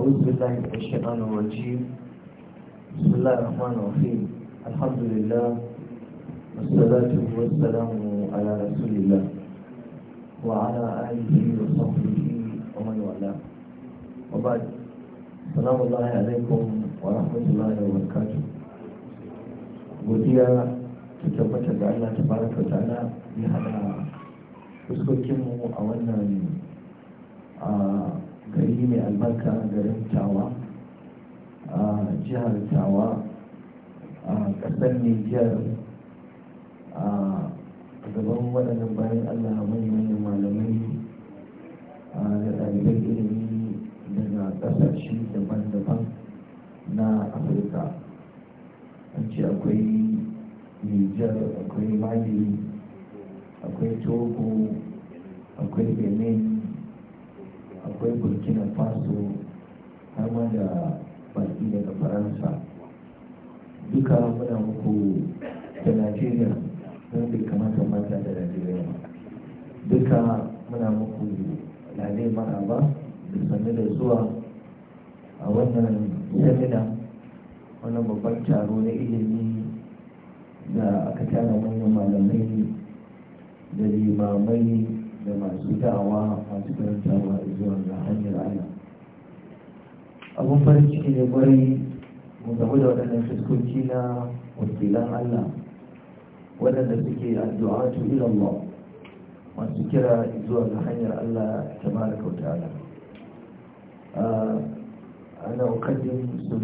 أعوذ بالله من الشيطان الرجيم بسم الله الرحمن الرحيم الحمد لله والصلاة والسلام على رسول الله وعلى آله وصحبه ومن والاه وبعد السلام الله عليكم ورحمة الله وبركاته godiya ta tabbata ga Allah ta baraka ta'ala ya hada fuskokinmu a wannan gari mai albarka garin tawa a jihar tawa a ƙasar nijar a gaban waɗannan bayan allah manyan malamai da ɗaliban ilimi daga ƙasashe daban-daban na afirka an ce akwai nijar akwai mali akwai togo akwai benin akwai burkina faso har ma da baki daga faransa duka muna muku da najeriya don bai kamata mata da najeriya duka muna muku lalai maraba da sannu da zuwa a wannan semina wannan babban taro na ilimi da aka tara manyan malamai da limamai da masu dawa masu karantarwa zuwa ga hanyar Allah abun farin ciki ne kwarai mu gamu da waɗannan fuskoki na wakilan Allah waɗanda suke addu'a to ila masu kira zuwa ga hanyar Allah tabaraka wa ta'ala أنا أقدم wa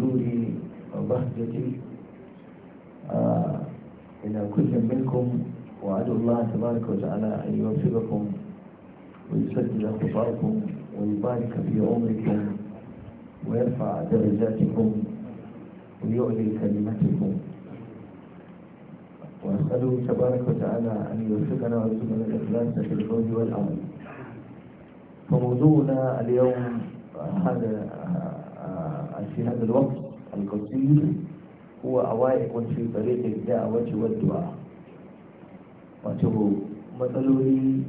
وبهجتي إلى كل منكم ta'ala الله yi وتعالى أن يوفقكم ويسجل خطاكم ويبارك في عمركم ويرفع درجاتكم ويعلي كلمتكم وأسأله تبارك وتعالى أن يوفقنا ويرزقنا الإخلاص في القول والعمل فموضوعنا اليوم هذا آه، في هذا الوقت القصير هو عوائق في طريق الدعوة والدعاء وتهو مثلولي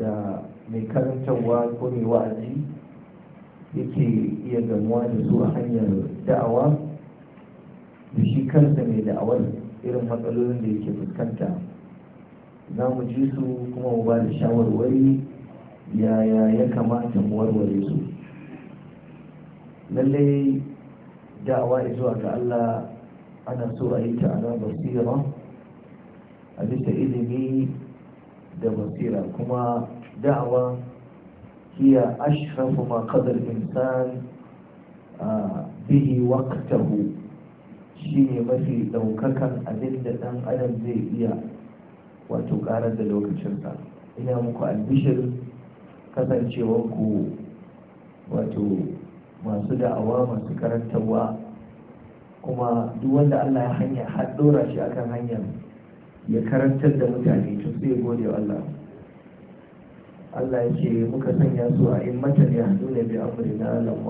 da mai karantarwa ko mai wa'azi yake iya gamuwa da su a hanyar da'awa da shi kansa mai da'awar irin matsalolin da yake fuskanta za mu ji su kuma mu ba da shawarwari yaya ya kamata mu warware su lallai da'awa zuwa ga Allah ana so a yi ta basira a bisa ilimi da basira kuma da'awa hiya ashrafu ma qadar insan bihi waqtahu shine mafi daukakan abin da dan adam zai iya wato karar da lokacinsa ina muku albishir kasancewanku wato masu da'awa masu karantarwa kuma duk wanda allah ya hanya har dora shi akan hanyar ya karantar da mutane tun sai gode wa Allah Allah ya ce muka sanya su a matan ya hadu da bi amrina lam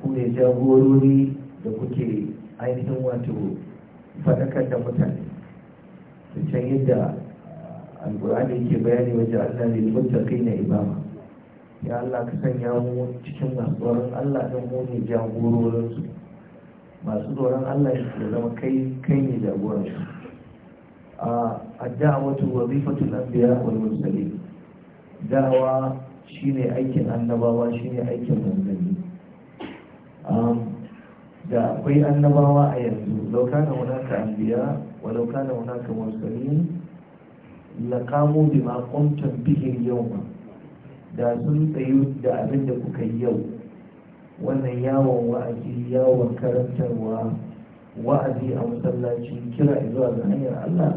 ku ne jagorori da kuke ainihin wato fadakar da mutane to can yadda alqur'ani yake bayani waje Allah lil muttaqina imama ya Allah ka sanya mu cikin masu Allah don mu ne jagororinsu masu tsoron Allah ya zama kai kai ne jagoran shi a da'awatu wazifatul anbiya wal mursalin Dawa shine aikin annabawa shine aikin manzanni da akwai annabawa a yanzu laukana hunaka anbiya wa laukana hunaka mursalin laqamu bima qumtum bihi yawma da sun tsayu da abin da kuka yi yau wannan yawon wa'azi yawon karantarwa wa'azi a masallaci kira zuwa ga hanyar Allah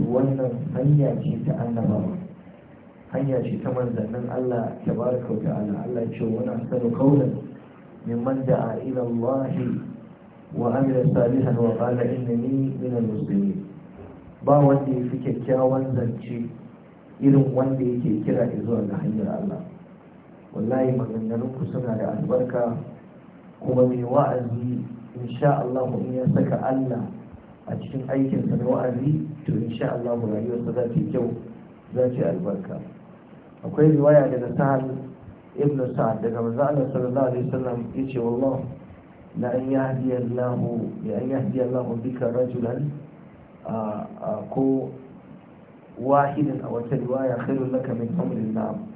to wannan hanya ce ta annabawa hanya ce ta manzannin Allah tabaraka wa ta'ala Allah ce wani sanu kaulan mimman da'a ila Allah wa amila salihan wa qala innani min al-muslimin ba wanda ya fi kyakkyawan zance irin wanda yake kira zuwa ga hanyar Allah wallahi maganganun ku suna da albarka kuma mai wa'azi insha Allah in ya saka Allah a cikin aikinsa na wa'azi to insha Allah rayuwarsa za ta yi kyau za ta albarka akwai riwaya daga sahal ibn sa'ad daga manzo Allah sallallahu alaihi wasallam yace wallahi la an yahdi Allah ya an yahdi Allah bika rajulan ko wahidan a wata riwaya khairul laka min humrin na'am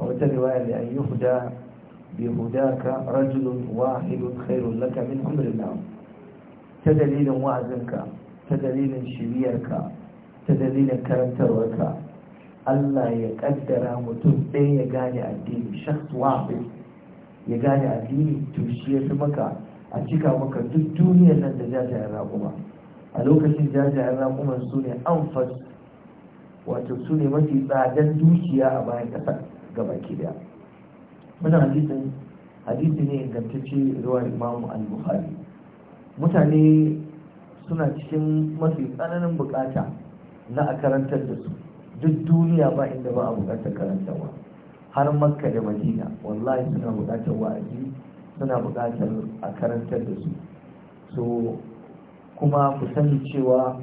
a wata riwaya da an yi huda bi hudaka rajulun wahidun khairun laka min amrillah ta dalilin wa'azinka ta dalilin shiriyarka ta dalilin karantarwarka Allah ya kaddara mutum ɗaya ya gane addini shakhs wahid ya gane addini to shi ya fi maka a cika maka duk duniyar nan da jajayen raƙuma a lokacin jajayen raƙuman su ne an wato su ne mafi tsadan dukiya a bayan ƙasa baki daya wannan hadisin hadisi ne ingantacce ruwan imamu al-bukhari mutane suna cikin mafi tsananin bukata na a karantar da su duk duniya ba inda ba a bukatar karantarwa har makka da madina wallahi suna bukatar wa'azi suna bukatar a karantar da su so kuma ku sani cewa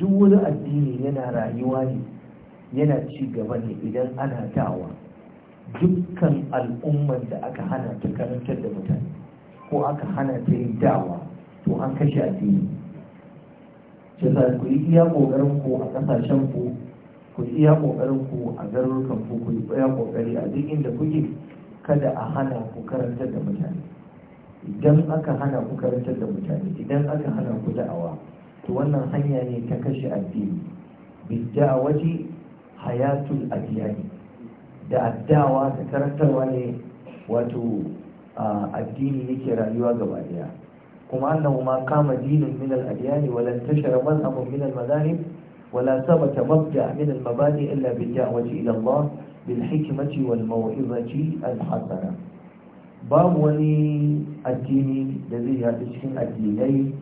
duk wani addini yana rayuwa ne yana ci gaba ne idan ana dawa dukkan al'ummar da aka hana ta karantar da mutane ko aka hana ta yin dawa to an kashe addini ce sa ku yi iya ƙoƙarin ku a ƙasashen ku ku yi iya ƙoƙarin ku a garurukan ku ku yi iya ƙoƙari a duk inda kuke kada a hana ku karantar da mutane idan aka hana ku karantar da mutane idan aka hana ku da'awa to wannan hanya ne ta kashe addini bid da'awati hayatul adiyani da addawa da karantarwa ne wato addini yake rayuwa gaba daya kuma annahu ma kama dinin min al-adyan wa lan tashara mazhabun min al-madani wa la sabata mabda min al-mabadi illa bil da'wati ila Allah bil hikmati wal maw'izati al-hasana babu wani addini da zai yaɗu cikin addinai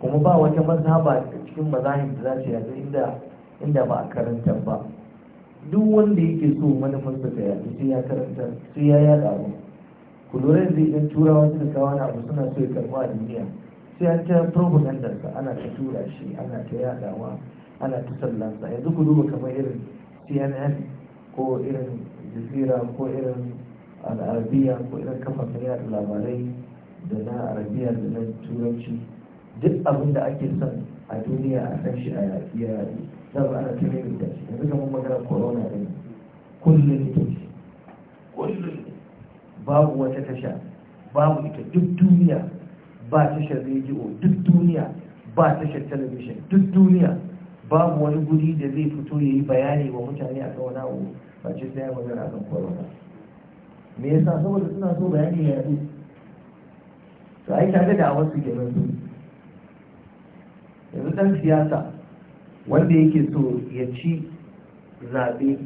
kuma ba wata mazhaba cikin mazahib da za su yi inda inda ba a karanta ba duk wanda yake so manufarsa ta yaɗu sai ya karanta sai ya yaɗa abu ku lura da idan turawa suka kawo na abu suna so ya karɓi a duniya sai an ta ana ta tura shi ana ta yadawa ana ta sallansa yanzu ku duba kamar irin cnn ko irin jazira ko irin al'arabiya ko irin kafafen yada labarai da na arabiya da na turanci duk abin da ake son a duniya a kan shi a yaɗi za ba ana tunanin da shi yanzu kamar magana corona ne kullum ita ce kullum babu wata tasha babu ita duk duniya ba tashar rediyo duk duniya ba tashar talabishin duk duniya babu wani guri da zai fito ya yi bayani wa mutane a kan wani abu ba ce sai ya magana kan corona me yasa saboda suna so bayani ya yadu to ai kaga da wasu kenan su yanzu dan siyasa wanda yake so ya ci zaɓe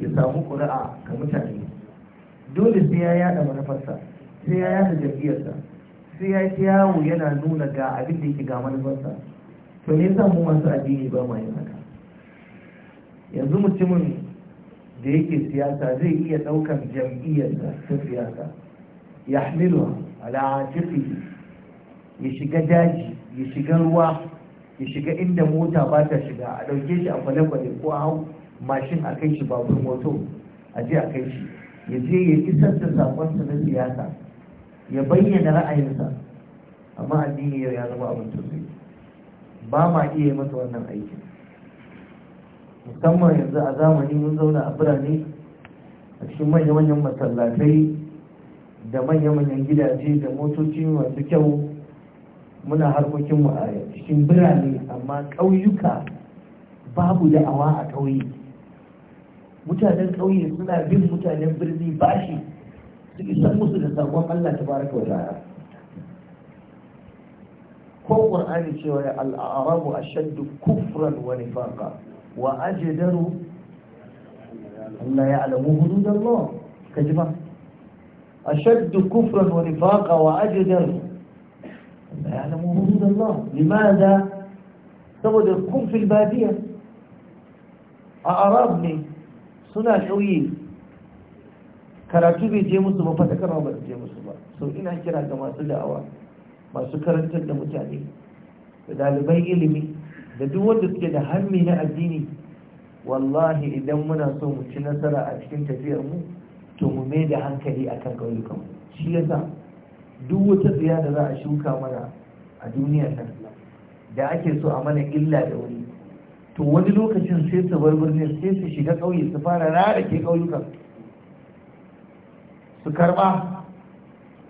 ya samu ƙuri'a ga mutane dole sai ya yada manufarsa sai ya yada jam'iyyarsa sai ya yi yawo yana nuna ga abin da yake ga manufarsa to ne sa mu masu addini ba ma yin haka yanzu mutumin da yake siyasa zai iya ɗaukar jam'iyyarsa ta siyasa ya hamilu ala ya shiga daji ya shiga ruwa ya shiga inda mota ba ta shiga a ɗauke shi a kwale-kwale ko a hau mashin a kai shi babur moto a je a kai shi ya je ya isar da sakonsa na siyasa ya bayyana ra'ayinsa amma addini yau ya zama abin sosai ba ma iya masa wannan aikin musamman yanzu a zamani mun zauna a birane a cikin manya-manyan masallatai da manya-manyan gidaje da motoci masu kyau muna harkokinmu a cikin birane amma ƙauyuka babu da'awa a ƙauye mutanen ƙauye suna bin mutanen birni bashi su isan musu da sakon Allah ta baraka wa ta'ala ko qur'ani cewa ya al-arabu ashaddu kufran wa nifaqa wa ajdaru Allah ya alamu ya'lamu hudud Allah kaji ba ashaddu kufran wa nifaqa wa ajdaru لا يعلموا حدود الله لماذا saboda kun fil badiya a arab ne suna ƙauye karatu bai je musu ba fatakarwa ba je musu ba so ina kira ga masu da'awa masu karantar da mutane da ɗalibai ilimi da duk wanda suke da hammi na addini wallahi idan muna so mu ci nasara a cikin tafiyar mu to mu mai da hankali akan ƙauyukanmu shi yasa duk wata tsaya da za a shuka mana a duniya ta da ake so a mana illa da wuri to wani lokacin sai su bar birnin sai su shiga ƙauye su fara rara ke ƙauyukan su karɓa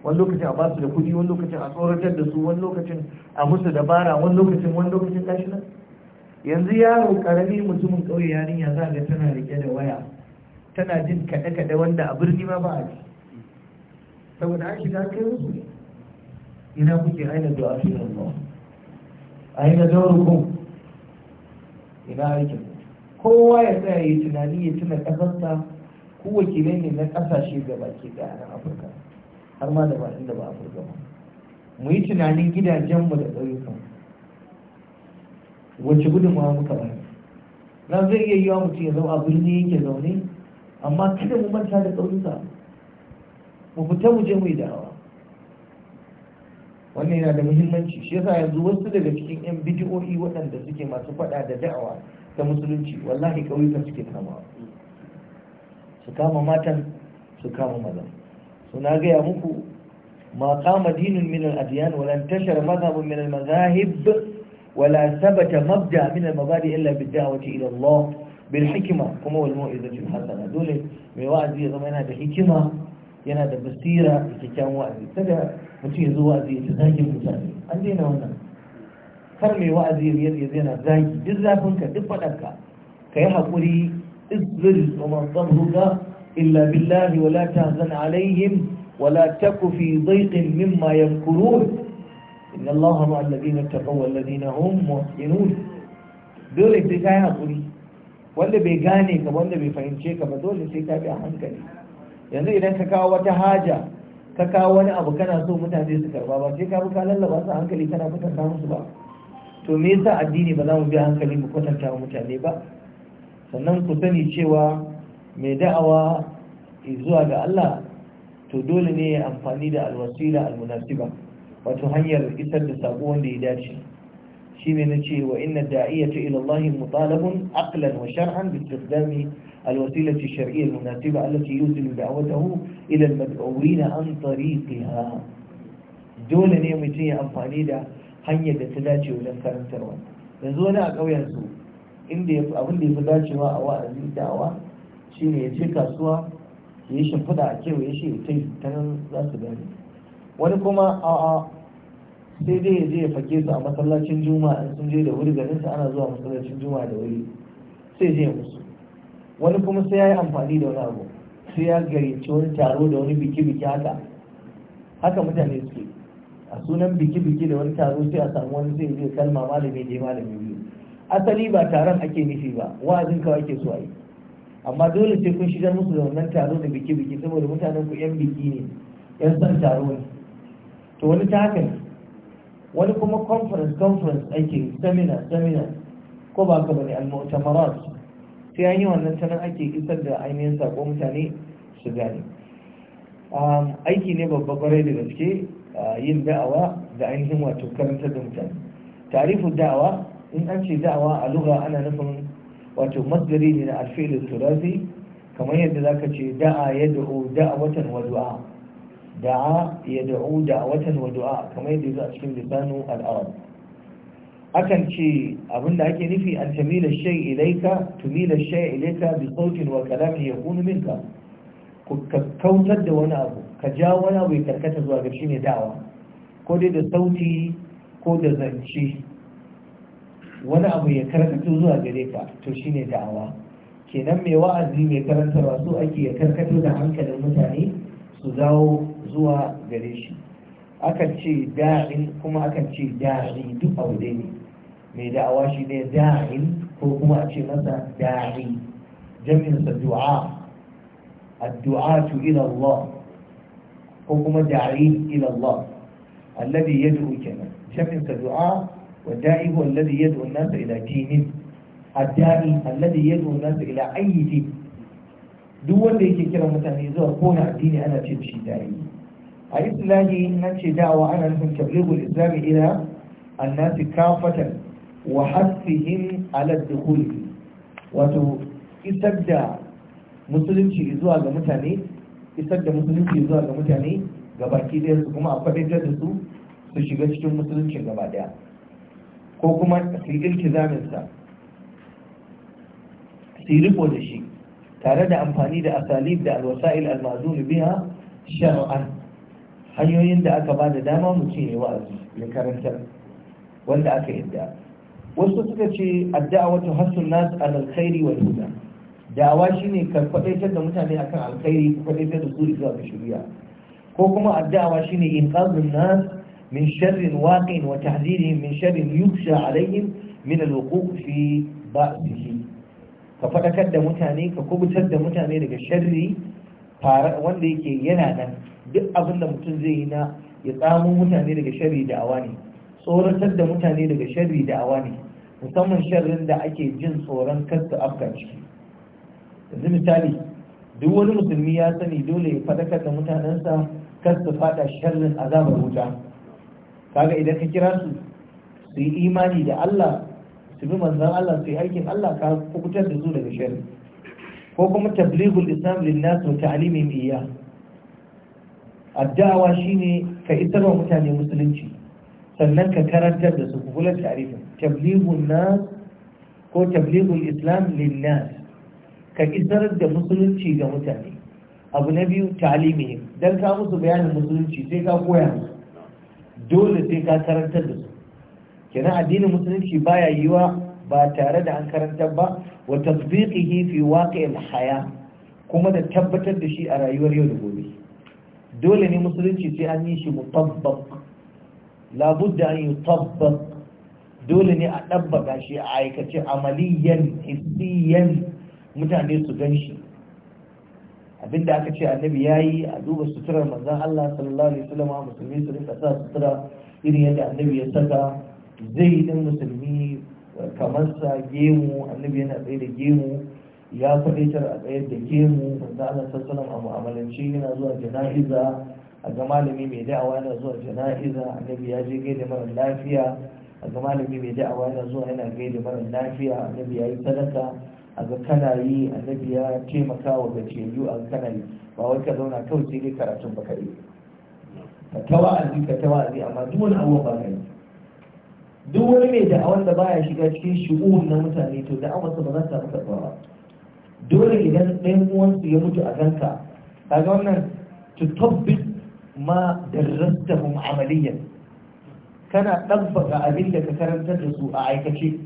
wani lokacin a ba su da kuɗi wani lokacin a tsoratar da su wani lokacin a musu dabara wani lokacin wani lokacin gashi nan yanzu yaro karami mutumin ƙauye yarinya za ga tana rike da waya tana jin kaɗe-kaɗe wanda a birni ma ba a ji saboda an shiga kai musu ina kuke aina du'a fi Allah aina dawrukum ina aikin kowa ya tsaya yi tunani ya tuna kasarsa ku wakilai ne na kasashe da baki daya na Afirka har ma da ba inda ba Afirka ba mu yi tunanin gidajenmu da ƙauyukan wacce gudunmawa muka bayar na zai iya wa mutum ya zama a birni yake zaune amma kada mu manta da ƙauyuka mu fita mu je mu yi da'awa wannan yana da muhimmanci shi yasa yanzu wasu daga cikin yan bidiyo'i waɗanda suke masu faɗa da da'awa ta musulunci wallahi ƙauyuka suke kama su kama matan su kama mazan su na gaya muku ma kama dinin min al-adiyan walan tashar mazhabun min al-mazahib wala sabata mabda min al-mabadi illa bid-da'wati ila Allah bil hikma kuma wal mau'izati al-hasana dole mai wa'azi ya zama yana da hikima yana da basira da kyakkyawan wa'azi kada mutum ya zo wa'azi ya ci zagin mutane an daina wannan kar mai wa'azi ya ya yana zagi duk zafinka duk faɗanka ka yi haƙuri izbil wa man sabruka illa billahi wa la tahzan alaihim wa la taku fi dhayqin mimma yankurun inna allaha ma alladhina taqaw wal ladina hum muhsinun dole sai ka yi haƙuri wanda bai gane ka wanda bai fahimce ka ba dole sai ka bi a hankali yanzu idan ka kawo wata haja ka kawo wani abu kana so mutane su karba ba sai ka bi ka lallaba su hankali kana kwatanta musu ba to me yasa addini ba za mu bi hankali mu kwatanta wa mutane ba sannan ku sani cewa mai da'awa zuwa ga Allah to dole ne ya amfani da alwasila almunasiba wato hanyar isar da sako wanda ya dace shine na wa inna da'iyatu ila Allah mutalabun aqlan wa shar'an bi الوسيلة الشرعية المناسبة التي يوصل دعوته إلى المدعوين عن طريقها دولة نيمتية أمفاني دا hanyar da ta dace wajen karantarwa yanzu wani a ƙauyensu inda abin da ya fi dacewa a wa'azi da'awa shi ya je kasuwa ya yi shimfiɗa a kewaye shi ya kai ta nan za su gani wani kuma a'a sai dai ya je ya fake su a masallacin juma'a in sun je da wuri ganin su ana zuwa masallacin juma'a da wuri sai je musu wani kuma sai ya yi amfani da wani abu sai ya gayyaci wani taro da wani biki-biki haka haka mutane suke a sunan biki-biki da wani taro sai a samu wani sai zai kalma malami je malami biyu asali ba taron ake nufi ba wa'azin kawai ake so a yi amma dole sai kun shigar musu da wannan taro da biki-biki saboda mutanen ku 'yan biki ne 'yan san taro ne to wani ta haka ne wani kuma conference conference ake seminar seminar ko ba ka bane al-mu'tamarat sai an yi wannan tanan ake isar da ainihin sako mutane su gane aiki ne babba kwarai da gaske yin da'awa da ainihin wato karantar da mutane tarifu da'awa in an ce da'awa a lura ana nufin wato masdari ne na alfilin turazi kamar yadda za ka ce da'a ya da'o da'awatan watan wadu'a da'a ya da'o da'awatan watan wadu'a kamar yadda za a cikin lisanu al'awar akan ce abin da ake nufi an tamila shay ilaika tumila shay ilaika bi sautin wa ya kunu minka ku kautar da wani abu ka ja wani abu ya karkata zuwa ga ne da'awa ko dai da sauti ko da zance wani abu ya karkata zuwa gare ka to shi ne da'awa kenan mai wa'azi mai karantarwa su ake ya karkata da hankalin mutane su zawo zuwa gare shi akan ce da'in kuma akan ce da'i duk abu dai ne mai da'awa shi ne da'in ko kuma a ce masa da'i jami'in du'a addu'atu ila ilallah, ko kuma da'i ilallah, Allah ya yad'u kenan jami'in du'a wa da'i huwa alladhi yad'u an-nas ila dinin adda'i alladhi yad'u an-nas ila ayyi duk wanda yake kira mutane zuwa kowane addini ana ce shi da'i a islahi na ce da'awa ana nufin tabligul islami ila annasi kafatan wa hasihim ala dukhul wato isar da musulunci zuwa ga mutane isar da musulunci zuwa ga mutane ga baki ɗaya su kuma a faɗaitar da su su shiga cikin musuluncin gaba ɗaya ko kuma su yi su yi da shi tare da amfani da asalib da alwasa'il almazun biya shar'an hanyoyin da aka ba da dama mu ce wa'azi ya karantar wanda aka yadda wasu suka ce addu'a ta hassun nas al alkhairi wal huda da'awa shine ka kwadaitar da mutane akan alkhairi ka kwadaitar da su zuwa ga shari'a ko kuma addu'a shine inqazun nas min sharrin waqi'in wa tahdhirihim min sharrin yukhsha alaihim min alwuqu' fi ba'dihi ka fadakar da mutane ka kubutar da mutane daga sharri wanda yake yana nan duk abin da mutum zai yi na ya tsamo mutane daga sharri da'awa ne tsoratar da mutane daga sharri da'awa ne musamman sharrin da ake jin tsoron kasta afka ciki yanzu misali duk wani musulmi ya sani dole ya fadakar da mutanensa kasta fada sharrin azabar wuta kaga idan ka kira su su yi imani da Allah su bi manzan Allah su yi aikin Allah ka kubutar da su daga sharri ko kuma tablighul islam lin nas wa ta'limihim iyya addawa shine ka isarwa mutane musulunci sannan ka karantar da su kubular tarifin tablighun nas ko tablighul islam lin ka isar da musulunci ga mutane abu na biyu talimihim Don ka musu bayanin musulunci sai ka koya musu dole sai ka karantar da su kenan addinin musulunci baya yiwa ba tare da an karantar ba wa tasbiqihi fi waqi'il haya kuma da tabbatar da shi a rayuwar yau da gobe dole ne musulunci sai an yi shi mutabbaq labudda an yutabbaq dole ne a ɗabbaka shi a aikace amaliyan hissiyan mutane su gan shi abinda aka ce annabi ya yi a duba suturar manzan Allah sallallahu alaihi wasallam musulmi su rika sa sutura irin yadda annabi ya saka zai ɗin musulmi kamar sa gemu annabi yana tsaye da gemu ya fadaitar a tsayar da gemu manzan Allah sallallahu alaihi a mu'amalance yana zuwa jana'iza a ga malami mai da'awa yana zuwa jana'iza annabi ya je gaida mara lafiya a ga malami mai da'awa yana zuwa yana gaida mara lafiya annabi ya yi sadaka a ga kana yi annabi ya taimaka wa gajiyayyu a kana yi ba wai ka zauna kawai sai dai karatun ba ka yi ka ta wa'azi ka ta wa'azi amma duk wani abuwa ba ka yi duk wani mai da'awar da baya shiga cikin shi'un na mutane to da'awarsa ba za ta samu karɓa ba dole idan ɗayan uwansu ya mutu a ganka kaga wannan to tabbit ma darrastahum amaliyan kana ɗabbaka abin da ka karantar da su a aikace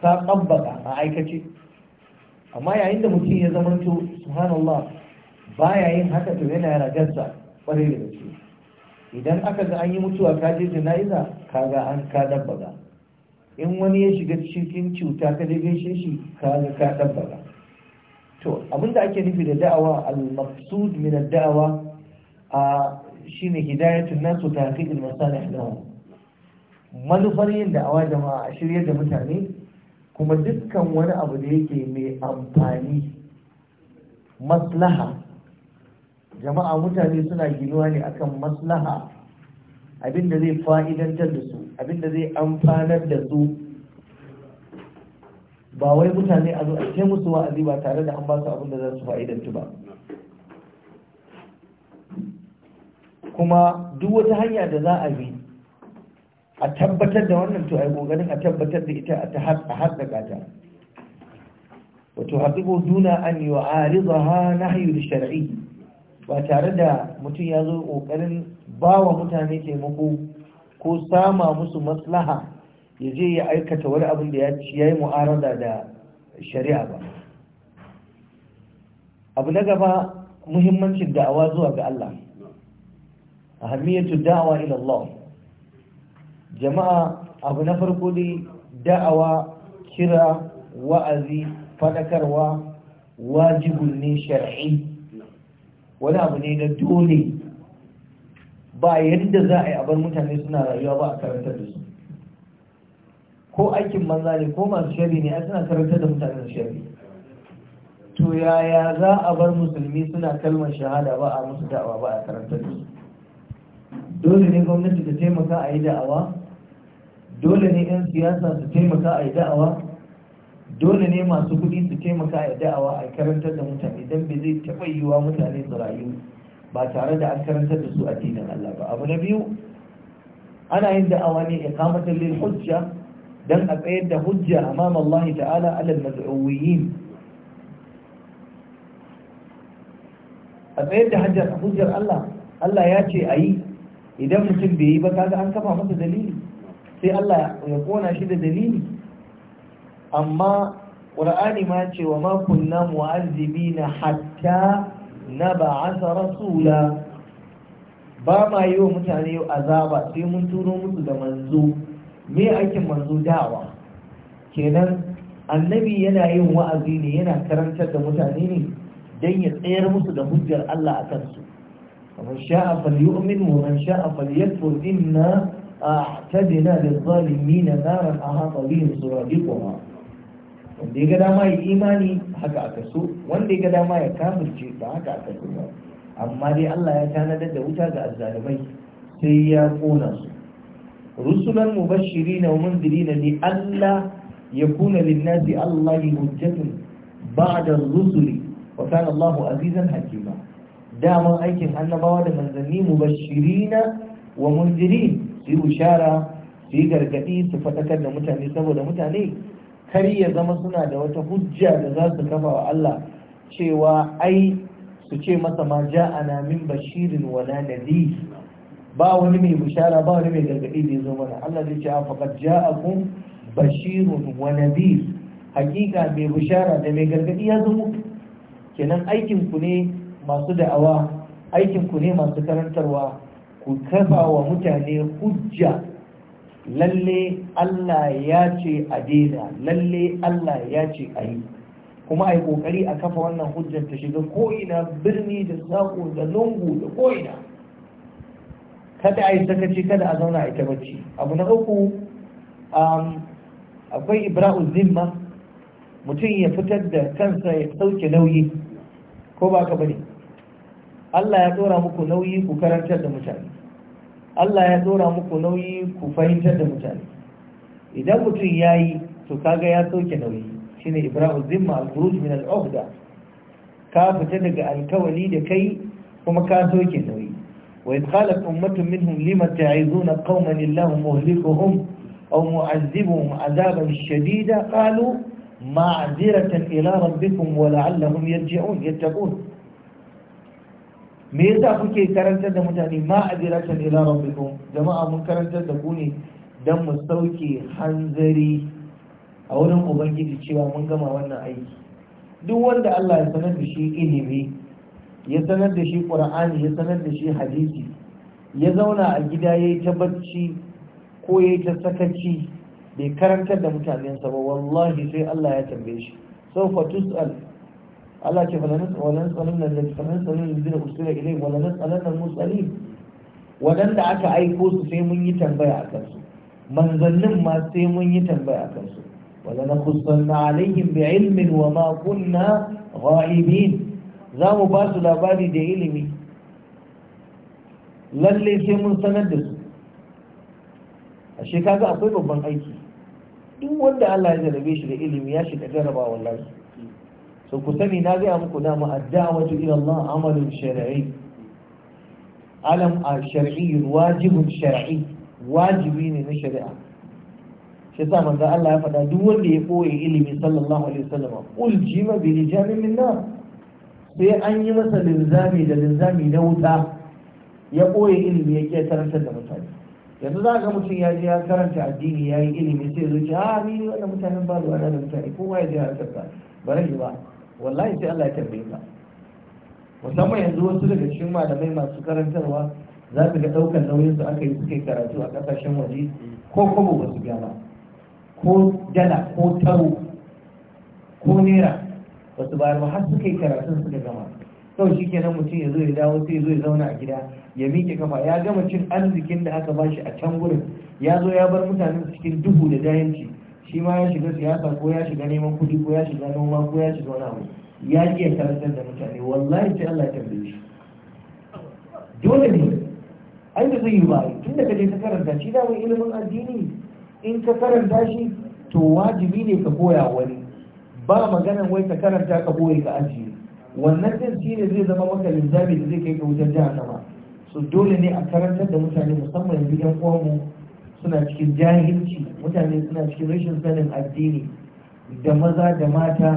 ka ɗabbaka a aikace amma yayin da mutum ya zama to, subhanallah baya yin haka to yana ragarsa ƙwarai da gaske idan aka ga an yi mutuwa ka je jana'iza ka ga an ka ɗabbaka in wani ya shiga cikin cuta ka je gaishe shi ka ga ka ɗabbaka to abinda ake nufi da da'awa al-maqsud min ad-da'awa a shine tafi nasu wa tahqiqul masalih lahum manufar yin da'awa jama'a a shirye da mutane kuma dukkan wani abu da yake mai amfani maslaha jama'a mutane suna ginuwa ne akan maslaha abinda zai fa'idantar da su abinda zai amfanar da su ba wai mutane a zo a ce musu wa'azi ba tare da an ba su abin da za su fa'idantu ba kuma duk wata hanya da za a bi a tabbatar da wannan to ai kokarin a tabbatar da ita a haddaka ta wato haɗigo duna an yi wa ha na da shari'i ba tare da mutum ya zo ƙoƙarin ba wa mutane taimako ko sama musu maslaha ya je ya aikata wani abin da ya yi mu'arada da shari'a ba abu na gaba muhimmancin da'awa zuwa ga Allah ahamiyatu da'awa ila Allah jama'a abu na farko dai da'awa kira wa'azi fadakarwa wajibun ne shar'i wani abu ne na dole ba yadda za a yi abar mutane suna rayuwa ba a karantar da su ko aikin manza ne ko masu shari ne a suna karantar da mutanen shari to yaya za a bar musulmi suna kalmar shahada ba a musu da'awa ba a karantar da su dole ne gwamnati ta taimaka a yi da'awa dole ne 'yan siyasa su taimaka a yi da'awa dole ne masu kuɗi su taimaka a yi da'awa a karantar da mutane don bai zai taɓa wa mutane su rayu ba tare da an karantar da su a addinin Allah ba abu na biyu ana yin da'awa ne iqamatul lil hujja don a tsayar da hujja amama Allah ta'ala alal mad'uwin a tsayar da hujjar Allah Allah ya ce a yi. idan mutum bai yi ba kaga an kafa masa dalili sai Allah ya kona shi da dalili amma qur'ani ma ce wa ma kunna mu'azzibina hatta nab'atha rasula ba ma yi wa mutane yau azaba sai mun turo musu da manzo me aikin manzo dawa kenan annabi yana yin wa'azi ne yana karantar da mutane ne don ya tsayar musu da hujjar Allah a kansu ومن شاء فليؤمن ومن شاء فليكفر إنا أعتدنا للظالمين نارا أحاط بهم سرادقها wanda ya ga dama ya imani haka aka so wanda ya ga dama ya kafirce ba haka aka so ba amma dai Allah ya tanadar da wuta ga azzalumai sai ya kona su rusulan mubashirin wa mundirin ne alla ya kuna nasi Allah hujjatun ba'da da rusuli wa kana Allah azizan hake. daman aikin annabawa da manzanni mubashirina wa munziri su yi bishara su yi gargaɗi su faɗakar da mutane saboda mutane kar ya zama suna da wata hujja da za su kafa wa Allah cewa ai su ce masa ma ja'ana min bashirin wala nadi. ba wani mai bushara ba wani mai gargaɗi da ya zo mana Allah zai ce a a kun Bashirin wa nadhir hakika mai bishara da mai gargaɗi ya zo kenan aikin ku ne masu da'awa aikin ku ne masu karantarwa ku kafa wa mutane hujja lalle Allah ya ce a daina lalle Allah ya ce a yi kuma a yi kokari a kafa wannan hujjar ta shiga ko'ina birni da saƙo da lungu da ko'ina kada a yi sakaci kada a zauna a ita bacci abu na uku um, akwai ibra'u zimma mutum ya fitar da kansa ya sauke nauyi ko ba ka bane Allah ya dora muku nauyi ku karantar da mutane Allah ya dora muku nauyi ku fahimtar da mutane idan mutum ya yi to kaga ya sauke nauyi shine ibrahim zimma al-khuruj min al-uqda ka fita daga alkawali da kai kuma ka sauke nauyi wa idh qalat ummatun minhum lima ta'izuna qauman illahu muhlikuhum aw mu'azzibuhum 'adaban shadida qalu ma'ziratan ila rabbikum wa la'allahum yarji'un yattaqun me yasa kuke karantar da mutane ma ajratan ila rabbikum jama'a mun karantar da ku ne dan mu sauke hanzari a wurin ubangiji cewa mun gama wannan aiki duk wanda Allah ya sanar da shi ilimi ya sanar da shi qur'ani ya sanar da shi hadisi ya zauna a gida yayi ta bacci ko yayi ta sakaci bai karantar da mutanensa ba wallahi sai Allah ya tambaye shi sawfa tus'al Allah ce wala nas'alun nan da kamar sanin da usura ilai wala nas'alun nan musali? wadanda aka aiko su sai mun yi tambaya a kansu manzannin ma sai mun yi tambaya a kansu wala nakhussanna alaihim bi ilmin wa ma kunna ghaibin za mu ba su labari da ilimi lalle sai mun sanar da su a kaga akwai babban aiki duk wanda Allah ya jarabe shi da ilimi ya shiga jarabawa wallahi so ku sani na gaya muku na ma'addawatu ila Allah amalun shar'i alam shar'i wajibun shar'i wajibi ne na shari'a shi yasa manzo Allah ya faɗa duk wanda ya koyi ilimi sallallahu alaihi wasallam uljima bi lijamin min nar sai an yi masa linzami da linzami na wuta ya koyi ilimi ya karantar da mutane yanzu za ga mutum ya je ya karanta addini ya yi ilimi sai zuci a ah, ni wannan mutanen ba ruwa da mutane kowa ya je harkar ba ba rage ba wallahi sai Allah ya tambaye ka musamman yanzu wasu daga cikin malamai masu karantarwa za su ga ɗaukar nauyin su aka yi suke karatu a kasashen waje ko kwabo ba su ko dala ko taro ko naira ba su bayar ba har suke karatu karatun suka gama kawai shi kenan mutum ya zo ya dawo sai ya zo ya zauna a gida ya miƙe kafa ya gama cin arzikin da aka ba shi a can gurin ya zo ya bar mutanen cikin duhu da dayanci shi ma ya shiga siyasa ko ya shiga neman kuɗi ko ya shiga noma ko ya shiga wani abu ya iya karantar da mutane wallahi sai Allah ya tambaye shi dole ne an da zai yi ba tun da kaje ka karanta shi da ilimin addini in ka karanta shi to wajibi ne ka koya wani ba maganar wai ka karanta ka boye ka ajiye wannan din shi ne zai zama maka linzami da zai kai ka wutar jahannama so dole ne a karantar da mutane musamman yanzu yan uwanmu suna cikin jahilci mutane suna cikin rashin sanin addini da maza da mata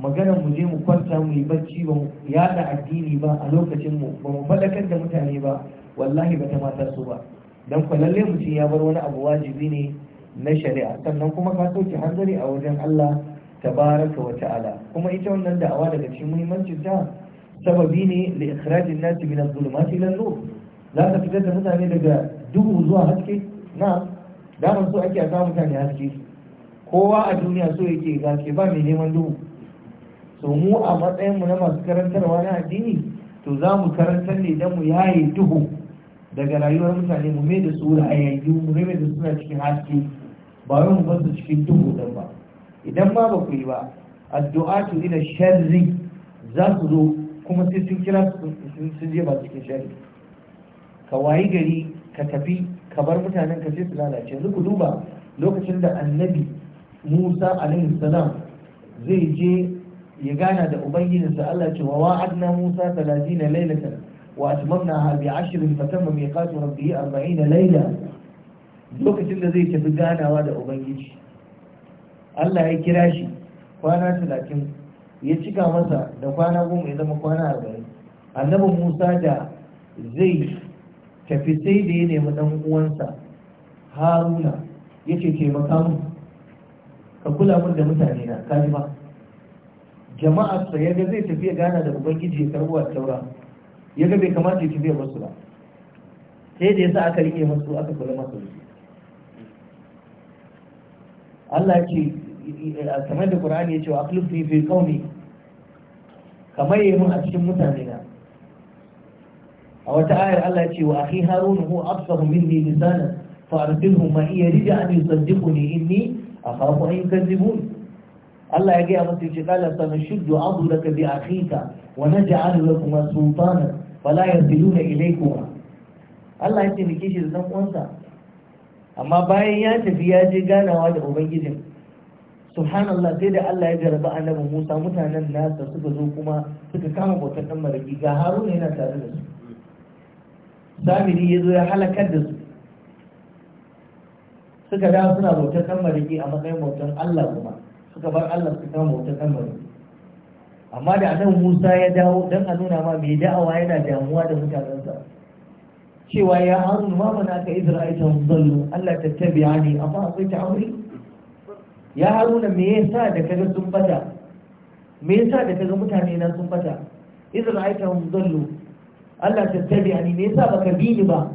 magana mu je mu kwanta mu yi bacci ba yada addini ba a lokacin mu ba mu fadakar da mutane ba wallahi ba ta mata su ba dan ko lalle mutum ya bar wani abu wajibi ne na shari'a sannan kuma ka soke hanzari a wajen Allah tabaraka wa ta'ala kuma ita wannan da'awa daga cikin muhimmancin ta sababi ne li ikhrajin nas min adh-dhulumati ila an-nur za ta fitar da mutane daga duhu zuwa haske na dama so ake a samun mutane haske kowa a duniya so yake gaske ba mai neman duhu so mu a matsayinmu na masu karantarwa na addini to za mu karantar ne don mu yaye duhu daga rayuwar mutane mu mai da su ra'ayayyu mu mai da suna cikin haske ba wai mu ba su cikin duhu don ba idan ma ba ku yi ba addu'a addu'atu ina sharri za su zo kuma sai sun kira sun je ba cikin sharri ka wayi gari ka tafi ka bar mutanen ka sai su lalace yanzu ku duba lokacin da annabi musa alaihi salam zai je ya gana da ubangijinsa allah ce wa wa'adna musa 30 lailatan wa ha bi ashrin fa tamma miqatu rabbihi 40 laila lokacin da zai tafi ganawa da ubangiji allah ya kira shi kwana talatin ya cika masa da kwana goma ya zama kwana arba'in annabin musa da zai tafi sai da ya nemi ɗan uwansa haruna ya ce ke makamu ka kula mun da mutane na kaji ba jama'ar sa yaga zai tafiya gana da ubangiji ya karbuwa taura yaga bai kamata ya tafiya masu ba sai da yasa aka rike masu aka kula masu Allah ce kamar da Qur'ani ya ce wa akhlifni fi qaumi kamar yayin a cikin mutane na a wata ayar Allah ya ce wa akhi harun huwa afsahu minni lisana fa arsilhu ma iya rija an yusaddiquni inni akhafu an yukadzibun Allah ya gaya masa yace qala sanashuddu adulaka bi akhika wa naj'alu lakum sultana fala yasiluna ilaykuma Allah ya taimake shi da dan uwansa amma bayan ya tafi ya je ganawa da ubangijin subhanallah sai da Allah ya jaraba annabi Musa mutanen nasa suka zo kuma suka kama bautar dan maraki ga Haruna yana tare da su samiri ya zo ya halakar da su suka dawo suna bautar kan mariki a matsayin bautar Allah kuma suka bar Allah su kama bautar kan mariki amma da anan Musa ya dawo dan a nuna ma mai da'awa yana damuwa da mutanensa cewa ya harun ma mana ka izra'ita zallu, Allah ta ni, amma akwai ta aure. ya haruna me yasa da kaga sun bata me yasa da kaga mutane na sun bata izra'ita Allah ta tabi ani me yasa baka bi ni ba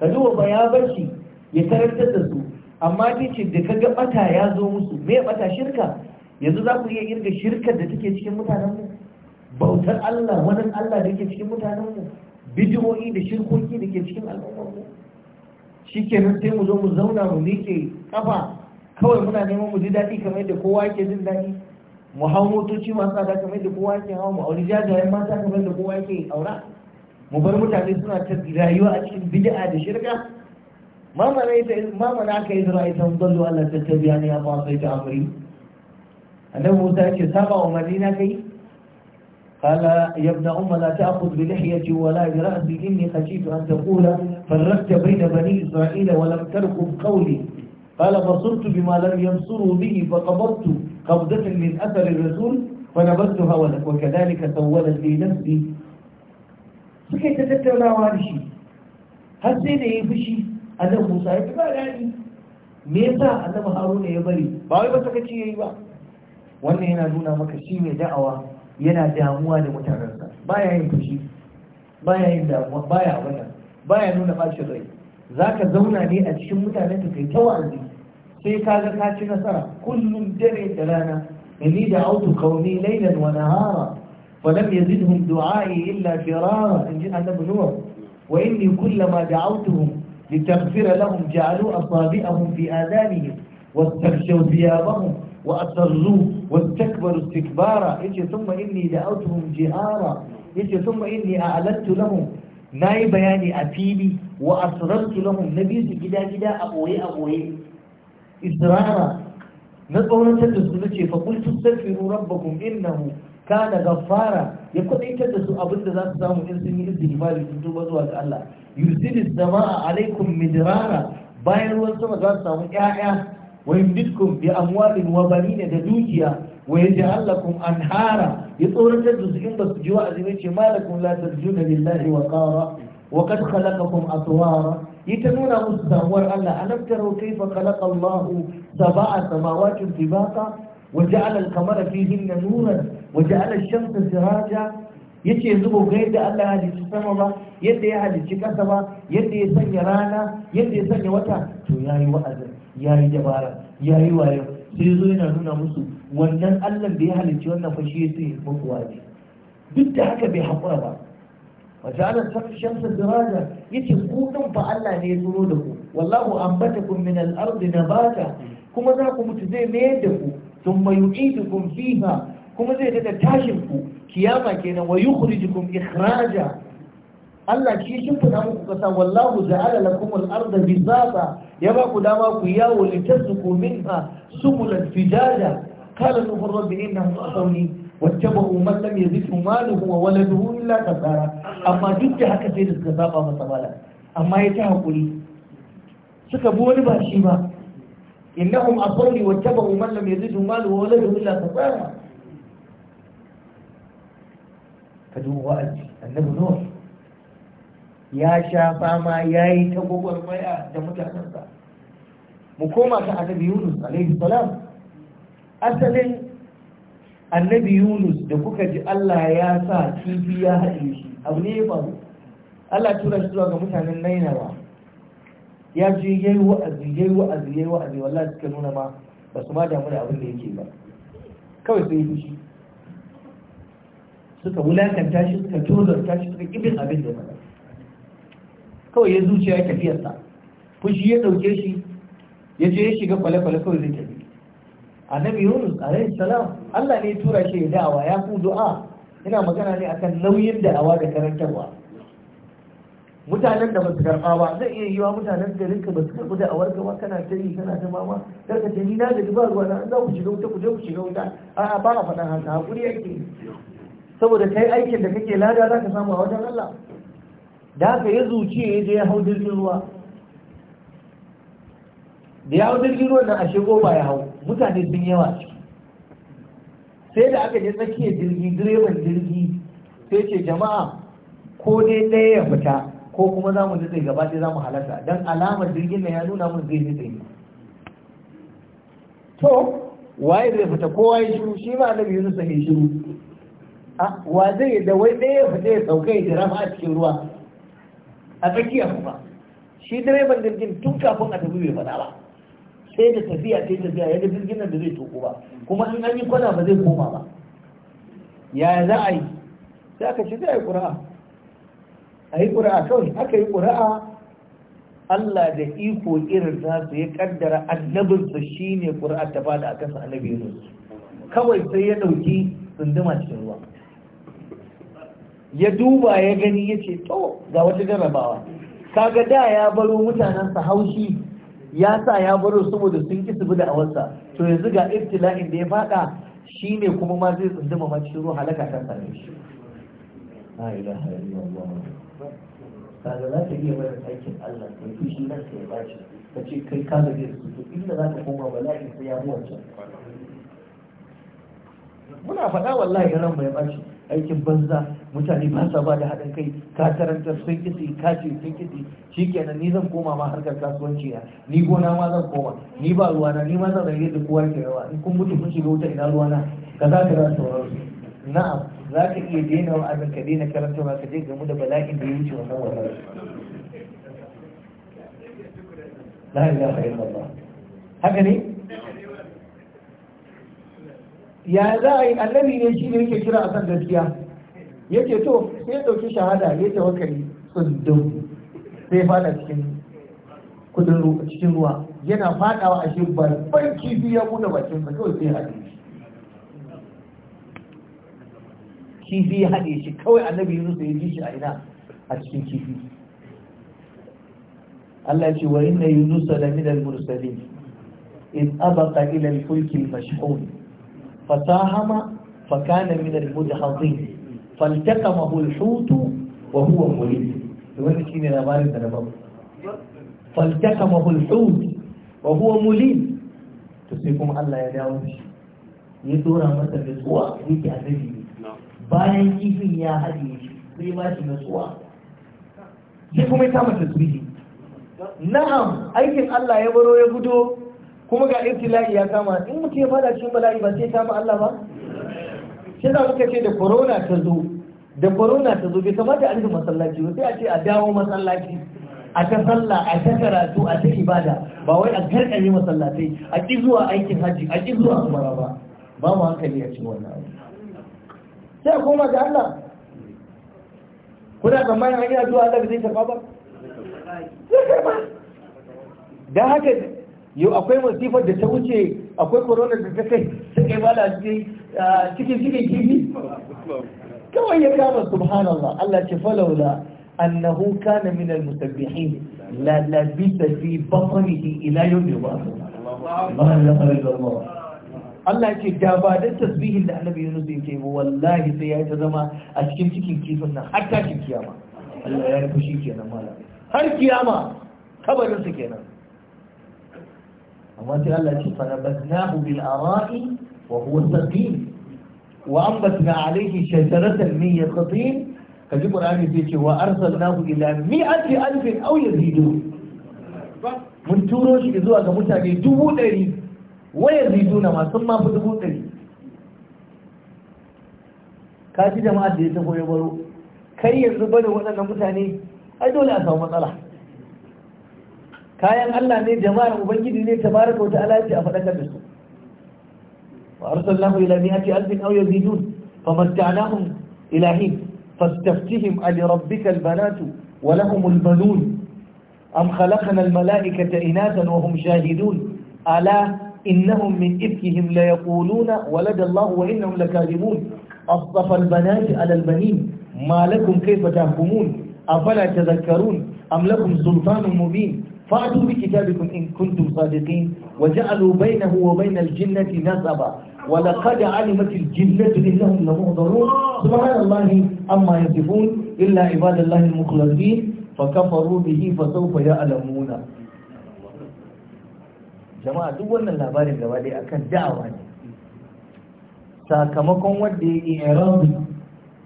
ka duba ba ya bar shi ya karantar da su amma kicin da kaga bata ya zo musu me bata shirka yanzu za ku iya irga shirkar da take cikin mutanen mu bautar Allah wani Allah da yake cikin mutanen mu bidiyoyi da shirkoki da ke cikin al'ummar mu shikenan sai mu zo mu zauna mu miƙe kafa kawai muna neman mu ji daɗi kamar yadda kowa yake jin daɗi mu hau motoci masu tsada kamar yadda kowa ke hawa mu auri jajayen mata kamar yadda kowa ke aura mu bar mutane suna ta rayuwa a cikin bid'a da shirka ma mana ita ma na ka yi ita mun dole Allah ta tabiya ne amma sai ta amri annabi Musa yake saba wa Madina kai قال يا ابن أم لا تأخذ بلحيتي ولا برأسي إني خشيت أن تقول فرقت بين بني إسرائيل ولم ترقب قولي قال بصرت بما لم يبصروا به فقبضت قبضة من أثر الرسول فنبذتها وكذلك سولت لي نفسي suke ta tattaunawa da shi har sai da ya yi fushi nan musa ya fi ba daɗi me yasa annabi haruna ya bari ba wai ba sakaci ya yi ba wannan yana nuna maka shi mai da'awa yana damuwa da mutanensa baya yin fushi baya yin damuwa baya ba baya nuna bacin rai zaka zauna ne a cikin mutanen ka kai ta wa'azi sai ka ga ka ci nasara kullum dare da rana Ni da autu qaumi laylan wa nahara ولم يزدهم دعائي إلا فرارا إن جئنا نبنوه وإني كلما دعوتهم لتغفر لهم جعلوا أصابعهم في آذانهم واستغشوا ثيابهم وأسروا واستكبروا استكبارا إيش ثم إني دعوتهم جهارا إيش ثم إني أعلنت لهم ناي بياني أفيلي وأسررت لهم نبيس جدا جدا أقوي أقوي إسرارا نطورة تسلسل فقلت استغفروا ربكم إنه kana gafara ya kudaitar da su abinda za su samu in sun yi istighfari sun tuba zuwa ga Allah yursilis samaa alaikum midrara bayan ruwan sama za su samu ƴaƴa wa yumdidkum bi amwalin wa banina da dukiya wa yaj'al lakum anhara ya tsoratar da su in ba su ji wa'azi ne ce malakum la tarjuna lillahi wa qara wa qad khalaqakum atwara ita nuna musu samuwar Allah alam kai kaifa khalaqa Allahu sab'a samawati tibaqa وجعل القمر فيهن نورا وجعل الشمس سراجا yace yanzu ba ga yadda Allah ya halicci sama ba yadda ya halicci ƙasa ba yadda ya sanya rana yadda ya sanya wata to ya yi wa'azin, ya yi dabara ya yi wayo sai zo yana nuna musu wannan Allah da ya halicci wannan fa shi yake muku waje duk da haka bai haƙura ba wajalan shamsa diraja yace ku din fa Allah ne ya tsoro da ku wallahu ambatakum min al-ardi nabata kuma za ku mutu zai mayar da ku thumma yu'idukum fiha kuma zai daga tashin ku kiyama kenan wa yukhrijukum ikhraja Allah ki shi fada muku kasa wallahu ja'ala lakum al-ardha bizata ya ba ku dama ku yawo litasku minha subulan fijada qala nuhu rabbi innahum asawni wattaba'u man lam yazidhu maluhu wa waladuhu illa khasara amma duk da haka sai da suka saba masa bala amma ya ta hakuri suka bi wani bashi ba innahum asawli wattabahu man lam yazidhu maluhu wa waladuhu illa khasara ka duba wa'azi annabi nuh ya sha fama yayi ta gwagwarmaya da mutanensa mu koma ta annabi yunus alaihi salam asalin annabi yunus da kuka ji allah ya sa kifi ya haɗe shi abu ya faru allah tura shi zuwa ga mutanen nainawa ya je yayi wa'azi yayi wa'azi yayi wa'azi wallahi suka nuna ma ba su ma damu da abin da yake ba kawai sai yi suka wulakanta shi suka tozarta shi suka ibin abin da ya kawai ya zuciya ya tafiyarsa fushi ya ɗauke shi ya je ya shiga kwale-kwale kawai zai tafi annabi yunus alaihi salam allah ne tura shi ya da'awa ya fi du'a ina magana ne akan nauyin da'awa da karantarwa mutanen da basu karɓa ba zai iya yiwa mutanen garin ka basu karɓi da awar gaba kana tari kana ta mama karka ta ni na da ba ruwa na za ku shiga wuta ku je ku shiga wuta a'a ba a faɗan haka hakuri yake saboda kai aikin da kake lada za ka samu a wajen Allah da haka ya zuciya ya je ya hau jirgin ruwa da ya hau jirgin ruwan nan ashe ba ya hau mutane sun yawa sai da aka je tsakiyar jirgi direban jirgi sai ce jama'a ko dai ɗaya ya fita ko kuma za mu nutse gaba ɗaya za mu halarta, don alamar jirgin na ya nuna mun zai nutse ne to waye zai fita kowa ya shiru shi ma annabi yunus ne shiru wa zai da wai ɗaya ya fita ya sauka ya jira a cikin ruwa a tsakiya kuma shi direban jirgin tun kafin a tafi bai faɗa ba sai da tafiya sai tafiya yadda jirgin nan da zai toko ba kuma in an yi kwana ba zai koma ba yaya za a yi sai aka shi zai yi ƙura'a a yi ƙura'a kawai aka yi ƙura'a Allah da iko irin su ya kaddara annabinsa shi ne ƙura'a ta bada a kansa annabi Yunus kawai sai ya ɗauki tsunduma cikin ruwa ya duba ya gani ya ce to ga wata jarabawa kaga da ya baro mutanensa haushi ya sa ya baro saboda sun ki su bi da awarsa to yanzu ga ibtila'in da ya fada shine kuma ma zai tsunduma ma cikin ruwa halaka ta same shi la ilaha illallah kaga za ta iya barin aikin Allah ta yi fushi nan ta ya bace ta ce kai ka gaje su to inda za ka koma bala'i sai ya muwa can muna faɗa wallahi ran mai bace aikin banza mutane ba sa ba da haɗin kai ka tarantar sun kitse ka ce sun kitse kenan ni zan koma ma harkar kasuwanci na ni gona ma zan koma ni ba ruwana ni ma zan rage da kowa ke rawa in kun mutu kun shiga wuta ina ruwana kaza kaza sauransu na'am za ka iya daina wa abin ka daina karanta ba ka je gamu da bala'in da ya wuce wannan wallahi ya ba, haka ne ya za a yi annabi ne shi ne yake kira a san gaskiya yake to sai ya ɗauki shahada ya ce tawakkali tsundum sai fada cikin kudin cikin ruwa yana fadawa a shi babban kifi ya bude bakin sa kawai sai haɗi kifi ya haɗe shi kawai annabi yunus ya ji shi a ina a cikin kifi Allah ce wa inna yunus la min al mursalin in abaqa ila al fulki al mashhun fasahama fa kana min al mudhadhin faltaqamahu al hut wa huwa mulim wannan shine labarin da na babu faltaqamahu al hut wa huwa mulim to sai kuma Allah ya dawo shi ya dora masa nutsuwa yake annabi bayan kifin ya haɗe shi sai ba shi natsuwa sai kuma ya kama tasbihi na'am aikin Allah ya baro ya gudo kuma ga ibtila'i ya kama in mutum ya fada cikin bala'i ba sai kama Allah ba sai za muka ce da corona ta zo da corona ta zo bai kamata a rufe masallaci ba sai a ce a dawo masallaci a ta sallah a ta karatu a ta ibada ba wai a karkare masallatai a ki zuwa aikin hajji a ki zuwa umara ba ba mu hankali a cikin wannan abu sai a koma ga Allah kuna tsammanin an yi addu'a Allah zai tafa ba zai haka yau akwai masifar da ta wuce akwai korona da ta kai ta kai bala cikin cikin kifi kawai ya kama subhanallah Allah ce falawla annahu kana min al-musabbihin la labisa fi batnihi ila yawm yub'ath Allah Allah Allah ce da ba da tasbihin da annabi Yunus yake ba wallahi sai ya ta zama a cikin cikin kifin nan har ta kiyama Allah ya rufe shi kenan malam har kiyama kabarin su kenan amma sai Allah ce fa nabadnahu bil ara'i wa huwa saqim wa anbatna alayhi shajaratan min yaqtin kaji qur'ani sai ce wa arsalnahu ila mi'ati alfin aw yazidun mun turo shi zuwa ga mutane dubu ɗari wayar ziduna ma sun mafi dubu ɗari ka ji jama'a da ya taho ya baro kai yanzu bari waɗannan mutane ai dole a samu matsala kayan Allah ne jama'ar ubangiji ne ta wata ala ce a faɗakar da su wa arsalnahu ila mi'ati alfin aw yazidun famata'nahum ila hin fastaftihim ali rabbika banatu! wa lahum albanun am khalaqna almala'ikata inatan wa hum shahidun ala إنهم من إفكهم لا يقولون ولد الله وإنهم لكاذبون أصطفى البنات على البنين ما لكم كيف تهكمون أفلا تذكرون أم لكم سلطان مبين فأتوا بكتابكم إن كنتم صادقين وجعلوا بينه وبين الجنة نسبا ولقد علمت الجنة إنهم لمحضرون سبحان الله أما يصفون إلا عباد الله المخلصين فكفروا به فسوف يعلمون jama'a duk wannan labarin gaba dai akan da'awa ne sakamakon wanda ya yi irabi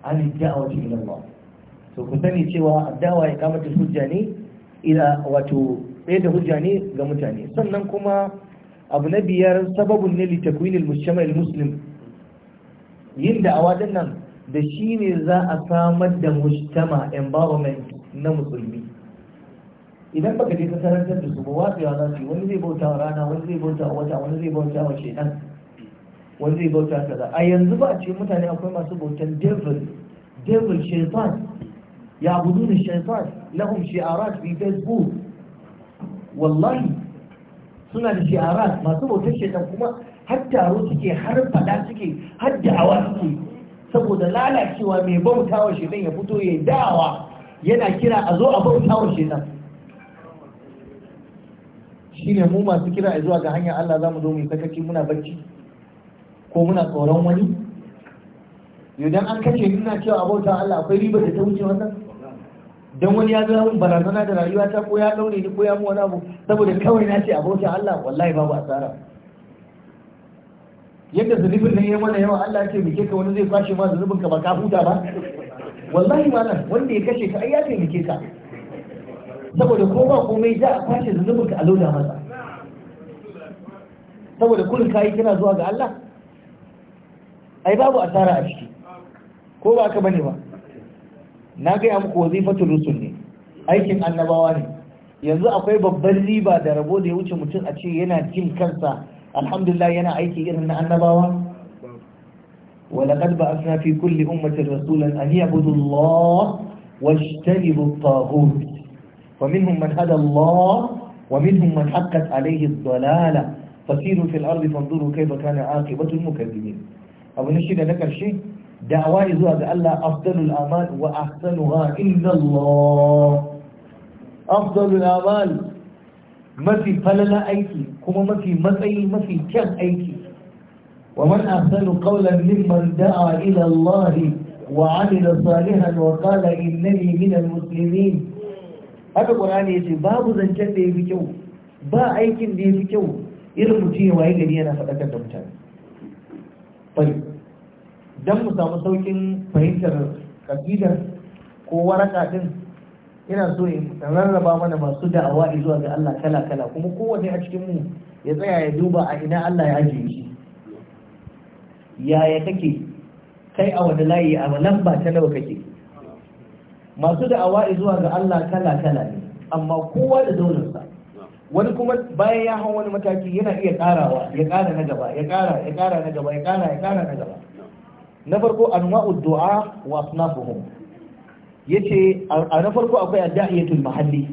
an yi da'awa ta ila Allah to ku sani cewa da'awa ya kamata hujja ne ila wato ɗaya da hujja ne ga mutane sannan kuma abu na biyar sababun ne li takwinil mushamal muslim yin da'awa din nan da shi ne za a samar da mujtama environment na musulmi idan baka je ka karantar da su ba watsewa za su yi wani zai bauta wa rana wani zai bauta wa wata wani zai bauta wa shedan wani zai bauta za a yanzu ba a ce mutane akwai masu bautan devil devil shaitan ya abudu da shaitan lahum shi'arat fi facebook wallahi suna da shi'arat masu bautar shaitan kuma har taro suke har fada suke har da'awa suke saboda lalacewa mai bautawa shaitan ya fito ya dawa yana kira a zo a bauta bautawa shaitan shine mu masu kira zuwa ga hanyar Allah za mu zo mu sakaci muna bacci ko muna tsoron wani idan an kashe nuna cewa abota Allah akwai riba da ta wuce wannan Don wani ya zama mun barazana da rayuwa ta ko ya daure ni ko ya mu wani abu saboda kawai na ce abota Allah wallahi babu asara yadda zunubin nan ya mana yawa Allah ce muke ka wani zai kwashe ma zunubin ka ba ka huta ba wallahi nan, wanda ya kashe ka ai ya taimake ka saboda ko ba komai za a kwashe zunubinka a loda masa saboda kullum kayi kira zuwa ga Allah ai babu asara a ciki ko ba aka bane ba na gaya muku wazifatul rusul ne aikin annabawa ne yanzu akwai babban riba da rabo da ya wuce mutum a ce yana jin kansa alhamdulillah yana aiki irin na annabawa ولقد بعثنا في كل أمة رسولا أن يعبدوا الله واجتنبوا الطاغوت ومنهم من هدى الله ومنهم من حقت عليه الضلالة فسيروا في الأرض فانظروا كيف كان عاقبة المكذبين أبو نشيد ذكر شيء دعوة زوء الله أفضل الأعمال وأحسنها إلا الله أفضل الأعمال ما في فلنا أيكي كما ما في متأي ما في كم أيكي ومن أحسن قولا ممن دعا إلى الله وعمل صالحا وقال إنني من المسلمين haka ya ce, babu zancen da ya fi kyau ba aikin da ya fi kyau irin mutum ya waye gari yana faɗakar da mutane bai dan mu samu saukin fahimtar kasidar ko waraka din ina so in rarraba mana masu da'awa zuwa ga Allah kala kala kuma kowane a cikin mu ya tsaya ya duba a ina Allah ya ajiye shi yaya kake kai a wani layi a lamba ta nawa kake masu da'awa zuwa ga Allah kala kala ne amma kowa da daularsa wani kuma bayan ya hau wani mataki yana iya karawa ya kara na gaba ya kara ya kara na gaba ya kara ya kara na gaba na farko anwa'u du'a wa asnafuhum yace a na farko akwai adda'iyatul mahalli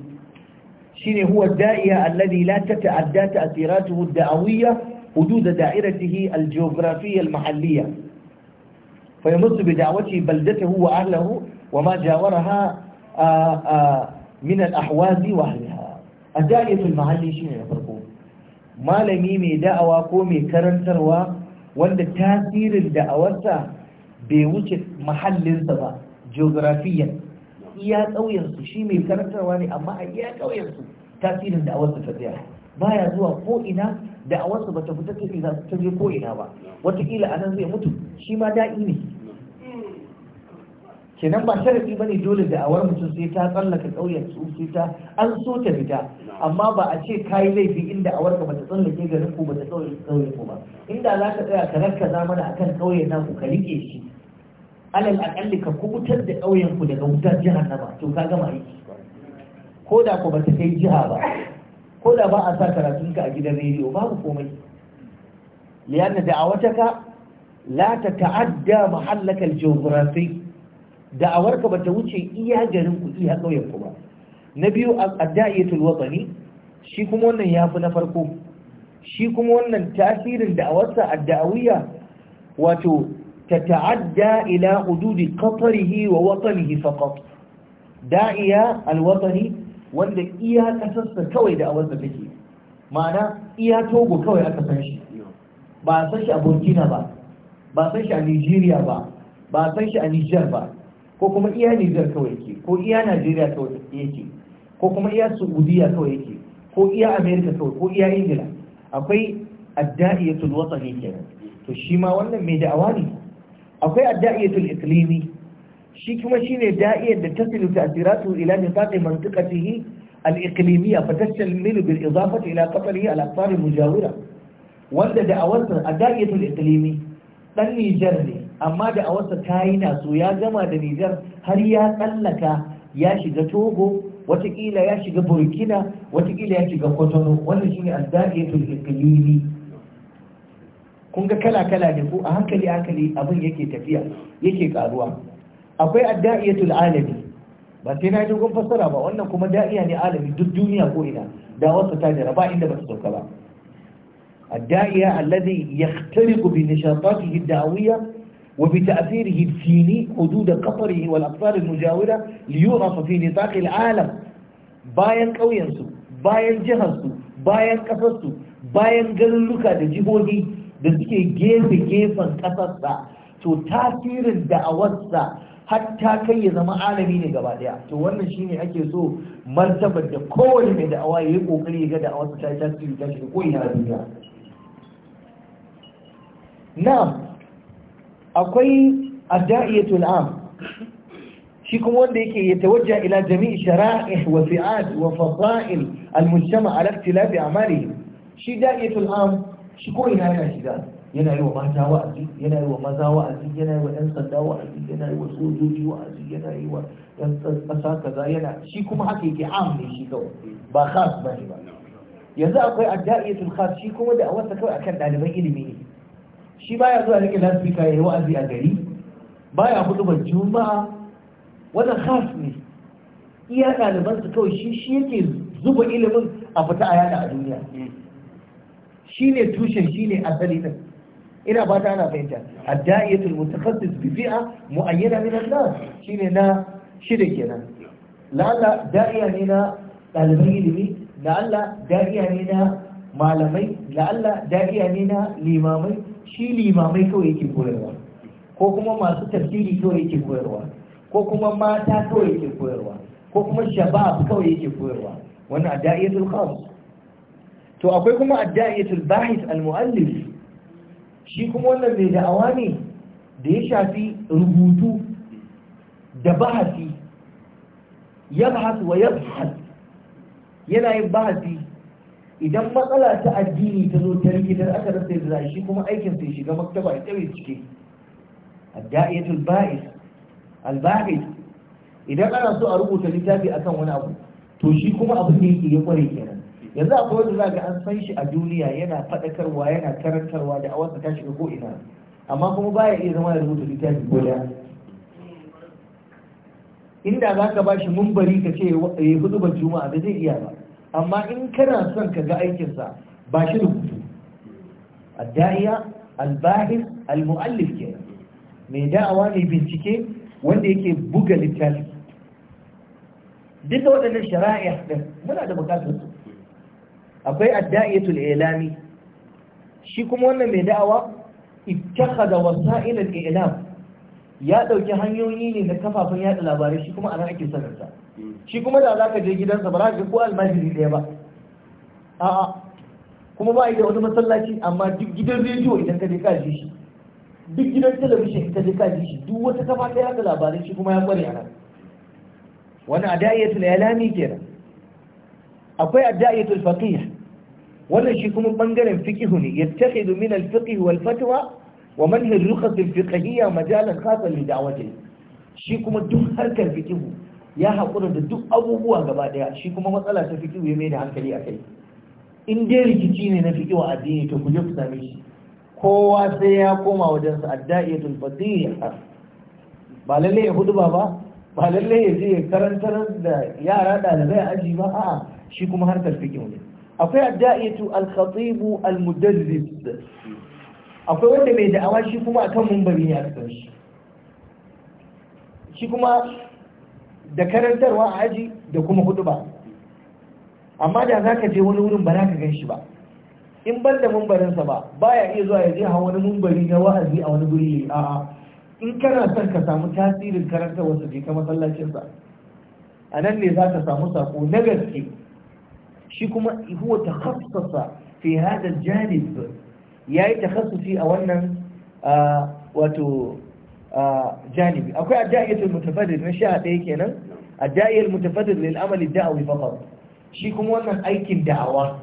shine huwa da'iya alladhi la tata'adda ta'siratuhu ad-da'awiyya hudud da'iratihi al-geografiyya al-mahalliyya فيمس بدعوته بلدته وأهله وما جاورها من الأحواز وأهلها الداعية المحلي شنو farko. malami mai da'awa ko mai karantarwa wanda tasirin da a da'awarsa bai wuce mahallinsa ba geografiyan iya shi mai karantarwa ne amma a tasirin da a da'awarsa ta tsaya baya zuwa ko'ina da'awarsa ba ta fita ta je ko'ina ba wataƙila a nan zai mutu shi ma da'i ne kenan ba sharafi bane dole da awar mutum sai ta tsallaka ƙauyen su sai ta an so ta fita amma ba a ce kai laifi inda awar ba ta tsallake garin ku bata tsallake ƙauyen ku ba inda za ka tsaya ka rakkaza mana akan ƙauyen naku ka rike shi alal akalli ka kubutar da ƙauyen ku daga wutar ba, to ka gama aiki ko da ku ba ta kai jiha ba ko da ba a sa karatun ka a gidan rediyo babu komai liyanna ka la ta ta'adda mahallakal jawgrafi da'awarka ba ta wuce iya garin ku iya ƙauyen ku ba na biyu adda'iyatul watsani shi kuma wannan ya fi na farko shi kuma wannan tasirin da'awarsa adda'awiyya wato ta ta'adda ila hududi qatarihi wa watanihi faqat da'iya alwatani wanda iya kasarsa kawai da'awarsa take ma'ana iya togo kawai aka san shi ba san shi a burkina ba ba san shi a nigeria ba ba san shi a niger ba ko kuma iya Nijar kawai yake ko iya Najeriya kawai yake ko kuma iya Saudiya kawai yake ko iya Amerika kawai ko iya Ingila akwai adda'iyatul watani kenan to shi ma wannan mai da'awa ne akwai adda'iyatul iklimi shi kuma shine da'iyar da tasilu ta'siratu ila nifaqi mantiqatihi al-iqlimiyya fatashtamilu bil idafati ila qatlihi al-aqtar al-mujawira wanda da'awarsa adda'iyatul iklimi dan Nijar ne amma da awarsa ta yi naso ya gama da nijar har ya tsallaka ya shiga togo watakila ya shiga burkina watakila ya shiga kwatano wannan shine azdaqiyatul iqlimi kun ga kala kala ne ko a hankali hankali abin yake tafiya yake karuwa akwai adda'iyatul alami ba sai na dogon fassara ba wannan kuma da'iya ne alami duk duniya ko ina da wasu ta jira ba inda ba su sauka ba الداعية الذي يخترق بنشاطاته الدعوية وبتأثيره السيني حدود قطره da المجاورة ليعرف في نطاق العالم bayan ƙauyensu bayan jiharsu bayan ƙasarsu bayan garuruka da jihohi da suke gefe-gefen ƙasarsa to tasirin da'awarsa har ta kai ya zama alami ne gaba ɗaya to wannan shine ake so martabar da kowane mai da'awa ya yi ƙoƙari ya ga da'awarsa ta yi tasiri ta shiga ko ina duniya na'am akwai adda'iyatul am shi kuma wanda yake ya tawajja ila jami'i shara'ih wa fi'at wa fada'il al-mujtama ala ikhtilafi a'malihi shi da'iyatul am shi ko ina yana shiga yana yi wa mata wa'azi yana yi wa maza wa'azi yana yi wa ɗan sanda wa'azi yana yi wa sojoji wa'azi yana yi wa ɗan ƙasa kaza yana shi kuma haka yake am ne shi kawai ba khas ba ne ba yanzu akwai adda'iyatul khas shi kuma da a wata kawai akan ɗaliban ilimi ne shi baya zuwa rike lasfika ya yi wa'azi a gari baya hudu ban juma'a wannan khas ne iya su kawai shi shi yake zuba ilimin a fita a yada a duniya shi ne tushen shi ne asali ɗin ina ba ta ana fahimta adda'iyatul mutakhassis bi fi'a mu'ayyana min an-nas shine na shida kenan la'alla da'iya ne na ɗaliban ilimi la'alla da'iya ne na malamai la'alla da'iya ne na limamai shi limamai kawai yake koyarwa ko kuma masu tafsiri kawai yake koyarwa ko kuma mata kawai yake koyarwa ko kuma shabab kawai yake koyarwa wannan adda'iyatul khams to akwai kuma adda'iyatul bahis al-muallif shi kuma wannan mai da'awa ne da ya shafi rubutu da bahasi yabhas wa yabhas yana yin bahasi idan matsala ta addini ta zo ta rikitar aka rasa da shi kuma aikin sai shiga maktaba ya tsaye cike adda'iyatul ba'is al idan ana so a rubuta littafi a kan wani abu to shi kuma abu ne ke ya kware kenan yanzu akwai wanda za ka an san shi a duniya yana faɗakarwa yana karantarwa da awarsa ta shiga ko ina amma kuma baya iya zama da rubuta littafi ko da inda za ka ba shi mumbari ka ce ya hudu ba juma'a da zai iya ba amma in kana son ka ga aikinsa ba shi rubutu adda'iya albahis almu'allif ke mai da'awa ne bincike wanda yake buga littafi duka waɗannan shari'a ɗin muna da bukatar su akwai adda'iyatul ilami shi kuma wannan mai da'awa ittakhadha wasa'ilal ilam ya ɗauki hanyoyi ne na kafafen yada labarai shi kuma anan ake sanarsa shi kuma da za ka je gidansa ba za ka ko almajiri ɗaya ba a'a kuma ba yi da wani masallaci amma duk gidan rediyo idan ka je ka ji shi duk gidan talabishin ka je ka ji shi duk wata kafa ta yada labarai shi kuma ya kware nan. wani ada'iyatul yalami kenan akwai ada'iyatul faqih wannan shi kuma bangaren fiqh ne yattakhidu min al-fiqh wal fatwa wa manhaj ruqas fiqhiyya majalan khasan li da'wati shi kuma duk harkar fiqhu ya hakura da duk abubuwa gaba daya shi kuma matsala ta fiqhu ya mai da hankali akai in dai rikici ne na fiqhu addini to ku je ku same shi kowa sai ya koma wajen sa adda'iyatul fatiha ba lalle ya hudu ba ba lalle ya je karantar da yara dalibai aji ba a'a shi kuma harkar fiqhu ne akwai adda'iyatul al-khatib al-mudarris akwai wanda mai da'awa shi kuma akan mumbari ne aka shi shi kuma da karantarwa a aji da kuma hudu ba amma da za ka je wani wurin ba za ka gan shi ba in bar da mumbarinsa ba ya iya zuwa ya je hawa wani mumbari na wa'azi a wani guri a'a in kana son ka samu tasirin karanta wasu je ka masallacinsa a nan ne za ka samu sako na gaske shi kuma ihuwa ta takhassasa fi hada janib yayi takhassusi a wannan wato janibi akwai adda'iyatul mutafaddid na sha ɗaya kenan adda'iyatul mutafaddid lil amali da'awi faqat shi kuma wannan aikin da'awa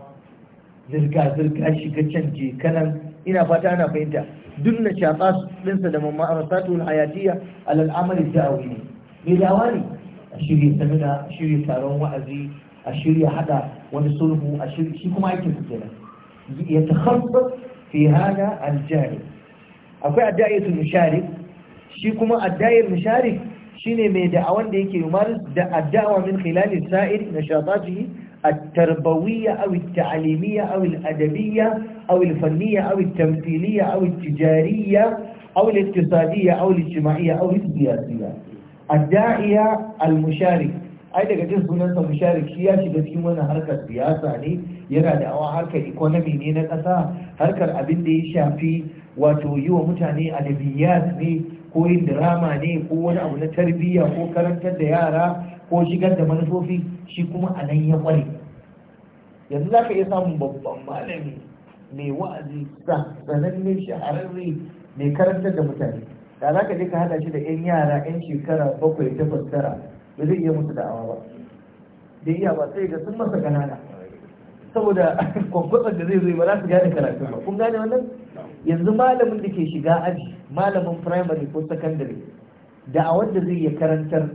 zirga zirga shiga can je kanan ina fata ana fahimta duk na shafa sa da mamarasatul hayatiya al amali da'awi ne mai da'awa ne a shirya samina a shirya taron wa'azi a shirya hada wani sulhu a shirya shi kuma aikin su kenan ya takhassas في هذا الجانب akwai adda'iyatul musharik shi kuma adda'ir musharik shine mai da'awan da yake yumar da addawa min khilal sa'ir nashatatihi at-tarbawiyya aw at-ta'limiyya aw al-adabiyya aw al-fanniyya aw at-tamthiliyya aw at-tijariyya aw al-iqtisadiyya aw al-ijtima'iyya aw al-siyasiyya الداعية المشارك ai daga jin sunansa musharik shi ya shiga cikin wani harkar siyasa ne yana da awa harkar economy ne na ƙasa harkar abin da ya shafi wato yi wa mutane adabiyat ne ko yin drama ne ko wani abu na tarbiyya ko karantar da yara ko shigar da manufofi shi kuma a nan ya kware yanzu za ka iya samun babban malami mai wa'azi sananne shahararre mai karantar da mutane da za ka je ka hada shi da 'yan yara 'yan shekara bakwai ta tara ba zai iya musu da'awa ba da iya ba sai ga sun masa ganana saboda kwakwatsa da zai zo ba za su gane karatu ba kun gane wannan yanzu malamin da ke shiga aji malamin primary ko secondary a da zai iya karantar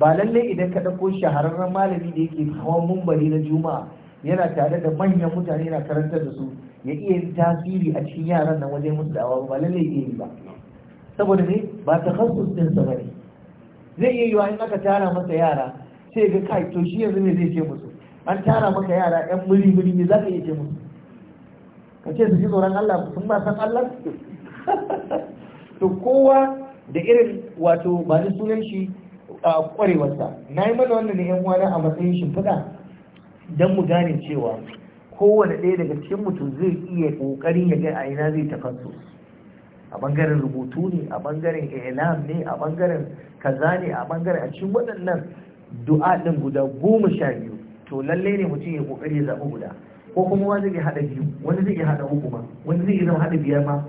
ba lallai idan ka ɗauko shahararren malami da yake hawan mumbari na juma'a yana tare da manyan mutane yana karantar da su ya iya yin tasiri a cikin yaran nan wajen musu da'awa ba lallai iya yi ba saboda ne ba ta kasus ɗinsa ba ne zai iya yiwa in aka tara masa yara sai ga kai to shi yanzu ne zai ce musu an tara maka yara yan muri muri ne za ka iya ce musu ka ce su ji tsoron Allah sun ba san Allah to kowa da irin wato ba ni sunan shi a kwarewarsa na yi mana wannan da yan uwana a matsayin shimfiɗa don mu gane cewa kowane ɗaya daga cikin mutum zai iya ƙoƙarin ya ga a ina zai tafaso a bangaren rubutu ne a bangaren ilam ne a bangaren kaza ne a bangaren a cikin waɗannan du'a ɗin guda goma sha biyu to lallai ne mutum ya kokari ya zaɓi guda ko kuma wani zai haɗa biyu wani zai haɗa uku ma wani zai zama haɗa biyar ma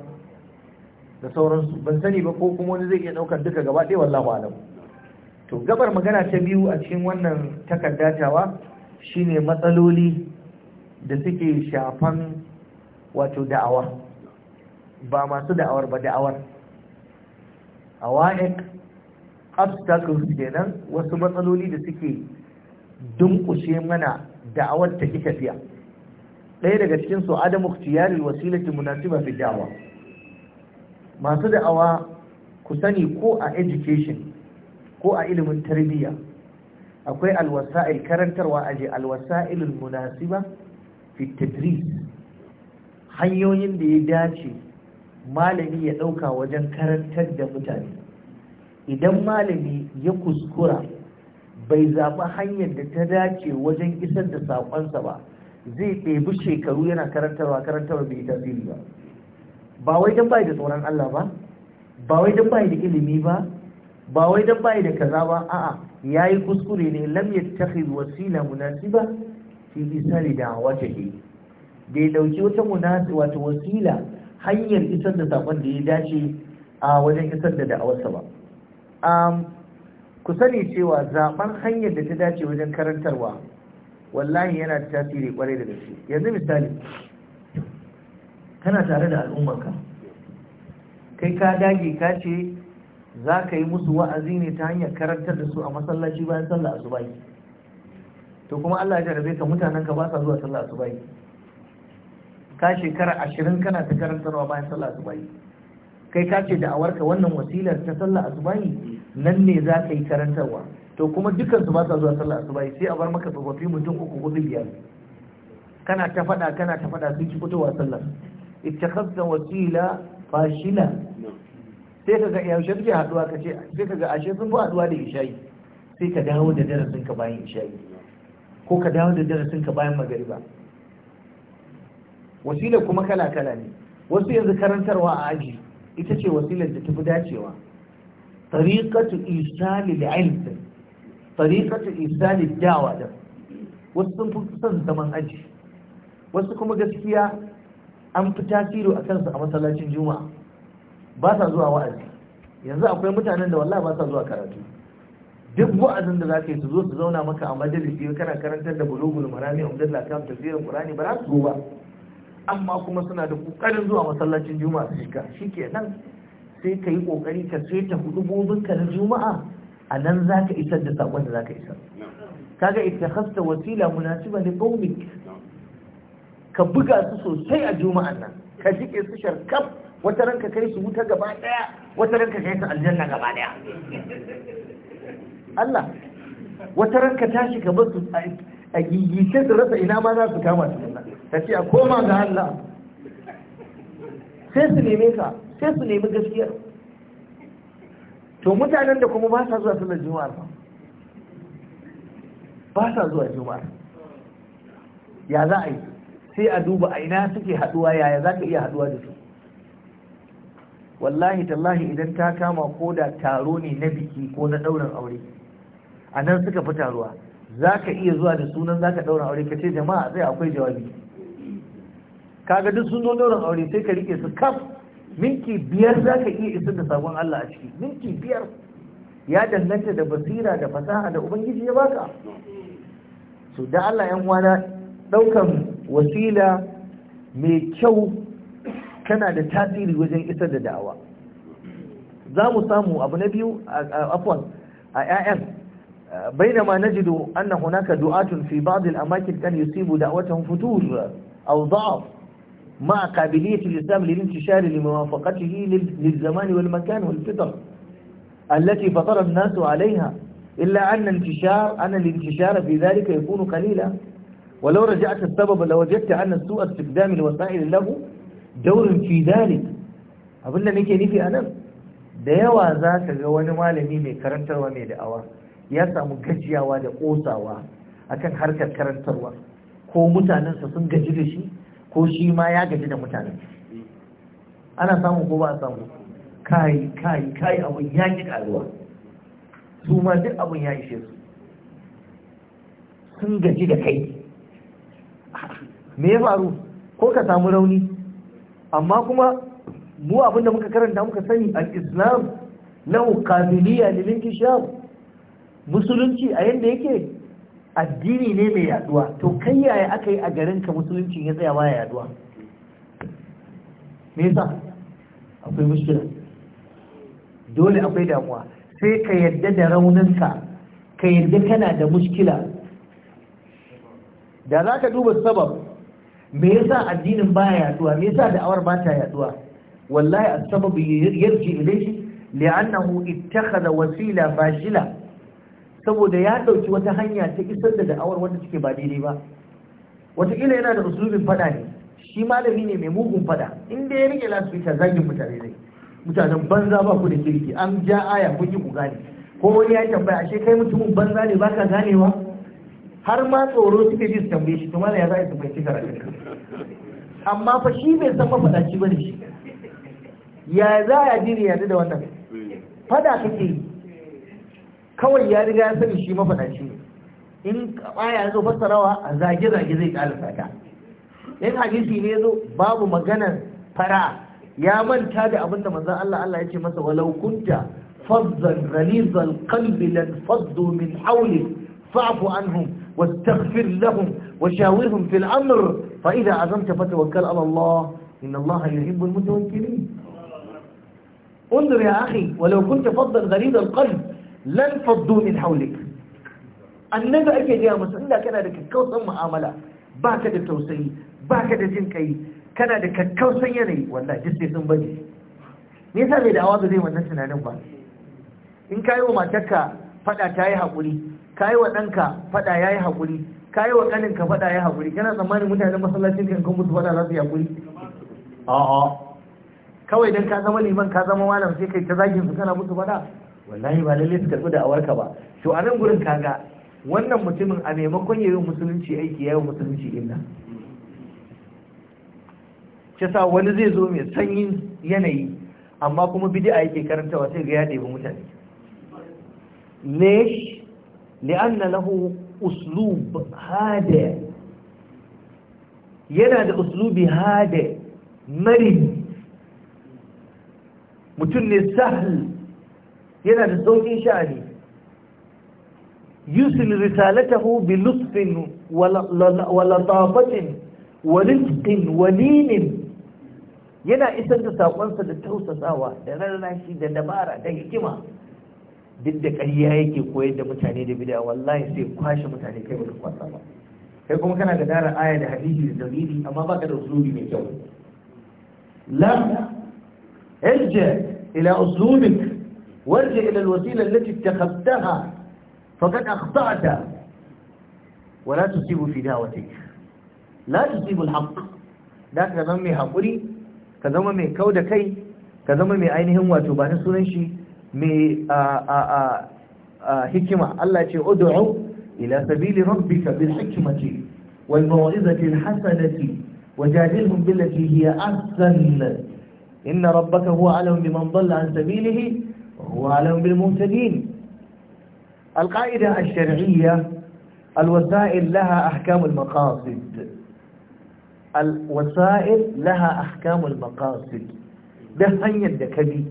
da sauransu ban sani ba ko kuma wani zai iya ɗaukar duka gaba ɗaya wallahu alam to gabar magana ta biyu a cikin wannan takaddatawa shine matsaloli da suke shafan wato da'awa ba masu da'awar ba da'awar A awa'iq obstacles kenan wasu matsaloli da suke dunkushe mana da'awar ta tafiya ɗaya daga cikin su adamu ikhtiyaril wasilati munasiba fi da'wa masu da'awa ku sani ko a education ko a ilimin tarbiyya akwai alwasa'il karantarwa je alwasa'ilul munasiba fi tadris hanyoyin da ya dace malami ya ɗauka wajen karantar da mutane idan malami ya kuskura bai zaɓi hanyar da ta dace wajen isar da saƙonsa ba zai ɗebi shekaru yana karantarwa karantarwa bai tasiri ba ba wai don bai da tsoron Allah ba ba wai don bai da ilimi ba ba wai don bai da kaza ba a'a ya yi kuskure ne lam yattakhid wasila munasiba fi isari da wata ke bai dauki wata munasi wata wasila hanyar isar da sakon da ya dace a wajen isar da da'awarsa ba ku sani cewa zaben hanyar da ta dace wajen karantarwa wallahi yana da tasiri kwarai da gaske yanzu misali kana tare da al'ummarka kai ka dage ka ce za ka yi musu wa'azi ne ta hanyar karantar da su a masallaci bayan sallah asubahi to kuma Allah ya jarabe ka mutanen ka ba sa zuwa sallah asubahi ka shekara ashirin kana ta karantarwa bayan sallah asubahi kai ka ce da'awarka wannan wasilar ta sallah asubahi nan ne za ka yi karantarwa to kuma dukkan su ba sa zuwa sallah asubahi sai a bar maka tsofaffi mutum uku hudu biyar kana ta faɗa kana ta faɗa sun ki fitowa sallah ittakhadha wasila fashila sai kaga yaushe kake haduwa ce, sai kaga ashe sun fi haduwa da isha'i sai ka dawo da darasin ka bayan isha'i ko ka dawo da darasin ka bayan magariba wasila kuma kala-kala ne wasu yanzu karantarwa a aji ita ce wasilar da fi dacewa tariqatu isali da ilm tariqatu isali dawa da wasu sun fi son zaman aji wasu kuma gaskiya an fi tasiri a kansu a masallacin juma'a ba sa zuwa wa'azi yanzu akwai mutanen da wallahi ba sa zuwa karatu duk wa'azin da za ka yi su zo su zauna maka a majalisi kana karantar da bulugul marami umdallah kam tafsirin qur'ani ba za su zo ba amma kuma suna da kokarin zuwa masallacin juma'a su shiga nan sai ka yi kokari ka sai ta hudu gobinka na juma'a a nan za ka isar da sakon da za ka isar kaga hasta wasila munasiba li qaumik ka buga su sosai a juma'an nan ka jike su sharkaf wata ranka kai su wuta gaba daya wata ranka kai su aljanna gaba daya Allah wata ranka tashi ka bar su a gigice su rasa ina ma za su kama su tafiya ce a koma ga Allah sai su neme ka sai su nemi gaskiya. to mutanen da kuma ba sa zuwa sallar juma'a ba ba sa zuwa juma'a ya za a yi sai a duba a ina suke haduwa yaya za ka iya haduwa da su wallahi tallahi idan ta kama ko da taro ne na biki ko na ɗaurin aure a nan suka fi taruwa za ka iya zuwa da sunan za ka ɗaurin aure ka ce jama'a sai akwai jawabi kaga duk sun zo dauran aure sai ka rike su kaf minti biyar za ka iya isar da sabon Allah a ciki minti biyar ya danganta da basira da fasaha da ubangiji ya baka so da Allah yan uwana daukan wasila mai kyau kana da tasiri wajen isar da da'awa za mu samu abu na biyu afwan a 'ya'yan بينما نجد أن هناك دعاة في بعض الأماكن كان يصيب دعوتهم فتور أو ضعف مع قابلية الإسلام للانتشار لموافقته للزمان والمكان والفطر التي فطر الناس عليها إلا أن انتشار أن الانتشار في ذلك يكون قليلا ولو رجعت السبب لوجدت أن سوء استخدام الوسائل له دور في ذلك abin da nake nufi a nan da yawa za ka ga wani malami mai karantarwa mai da'awa ya samu gajiyawa da ƙosawa akan harkar karantarwa ko mutanensa sun gaji da shi ko shi ma ya gaji da mutane ana samu ko ba a samu kai kai kai abin ya ki karuwa su ma duk abin ya ishe su sun gaji da kai me ya faru ko ka samu rauni amma kuma mu abin da muka karanta muka sani al-islam lahu qabiliya lil inkishaf musulunci a yadda yake addini ne mai yaduwa to kai yaya aka yi a garin ka musulunci ya tsaya baya yaduwa me yasa akwai mushkila dole akwai damuwa sai ka yadda da rauninka ka yadda kana da mushkila da za ka duba sabab me yasa addinin baya yaduwa me yasa da'awar ba ta yaduwa wallahi as-sabab yarji ilayhi li'annahu ittakhadha wasila fashila saboda ya ɗauki wata hanya ta isar da da'awar wanda suke ba daidai ba wataƙila yana da usulubin fada ne shi malami ne mai mugun fada inda ya rike ita zagin mutane ne mutanen banza ba ku da kirki an ja aya kun yi ku ko wani ya tambaya ashe kai mutumin banza ne baka ganewa har ma tsoro suke ji su tambaye shi tumala ya za tambaye shi karatu amma fa shi bai san mafaɗaci ba ne shi ya za a ya yanzu da wannan fada kake yi kawai ya riga ya sani shi mafadaci ne in baya zo fassarawa a zage-zage zai kala fata in hadisi ne zo babu maganar fara ya manta da abinda manzon Allah Allah ya ce masa walau kunta fazzan ghalizal qalbi lan faddu min hawlik fa'fu anhum wastaghfir lahum washawirhum fil amr fa idha azamta fatawakkal ala Allah inna Allah yuhibbu al mutawakkilin انظر يا اخي ولو كنت فظا غليظ القلب lan faddu min haulik annabi ake gaya musu inda kana da kakkausan mu'amala baka da tausayi baka da jin kai kana da kakkausan yanayi wallahi duk sai sun bari. me yasa bai da awa zai wannan tunanin ba in kayi wa matarka fada ta yi haƙuri kayi wa ɗanka fada ya yi haƙuri kayi wa ƙaninka fada ya haƙuri kana tsammanin mutanen masallacin kan kan musu fada za su yi haƙuri a'a kawai dan ka zama liman ka zama malam sai kai ta zagin su kana musu fada wallahi ba lalle su karɓi da awarka ba to a nan gurin kaga wannan mutumin a maimakon ya yi musulunci aiki ya yi musulunci inna ta sa wani zai zo mai sanyin yanayi amma kuma bidi'a yake karantawa sai ga ya ɗebi mutane lesh li'anna lahu uslub hada yana da uslubi hada marin mutum ne sahal yana da saukin sha'ani yusil risalatahu bi lutfin wa latafatin wa rizqin wa yana isar da sakonsa da tausasawa da rarrashi da dabara da hikima duk da ƙarya yake koyar da mutane da bid'a wallahi sai kwashe mutane kai baka kwasa ba kai kuma kana da dara aya da hadisi da dalili amma ka da usulubi mai kyau la irja ila usulubik وارجع إلى الوسيلة التي اتخذتها فقد أخطأت ولا تصيب في دعوتك لا تصيب الحق لا تضمي حقري تضمي كودكي تضمي عينهم واتوبان سننشي من آه، آه، آه، حكمة الله أدعو إلى سبيل ربك بالحكمة والموعظة الحسنة وجادلهم بالتي هي أحسن إن ربك هو علم بمن ضل عن سبيله هو وعلم بالمنتدين القاعدة الشرعية الوسائل لها أحكام المقاصد الوسائل لها أحكام المقاصد ده هنيت ده كبي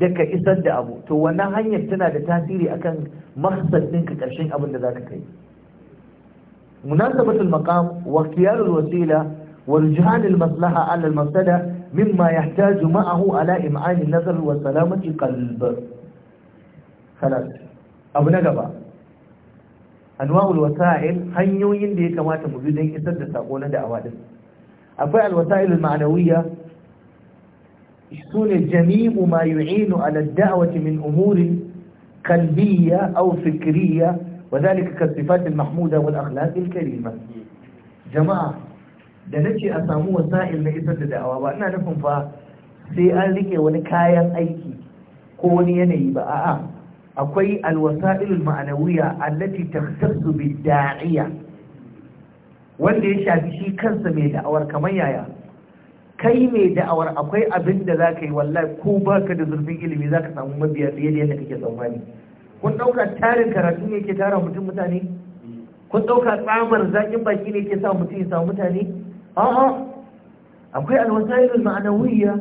ده كإسد أبو تونا هنيت تنا ده تاثيري أكن مخصد منك كرشين أبو ذاك كي مناسبة المقام واختيار الوسيلة ورجحان المصلحة على المصدر مما يحتاج معه على إمعان النظر وسلامة القلب خلاص أبو نقبة أنواع الوسائل حيوين دي كما تمجدين إسد ساقونا دعوات أفعل الوسائل المعنوية يكون الجميع ما يعين على الدعوة من أمور قلبية أو فكرية وذلك كالصفات المحمودة والأخلاق الكريمة جماعة da na ce a samu wasa'il na isar da da'awa ba ina nufin fa sai an rike wani kayan aiki ko wani yanayi ba a'a akwai alwasa'il ma'anawiya allati takhtassu bid-da'iya wanda ya shafi shi kansa mai da'awar kamar yaya kai mai da'awar akwai abin da zaka yi wallahi ko baka da zurfin ilimi zaka samu mabiya fiye da yadda kake tsammani kun ɗauka tarin karatu ne ke tara mutum mutane kun dauka tsamar zakin baki ne ke sa mutum ya samu mutane a'a akwai alwasailul ma'anawiyya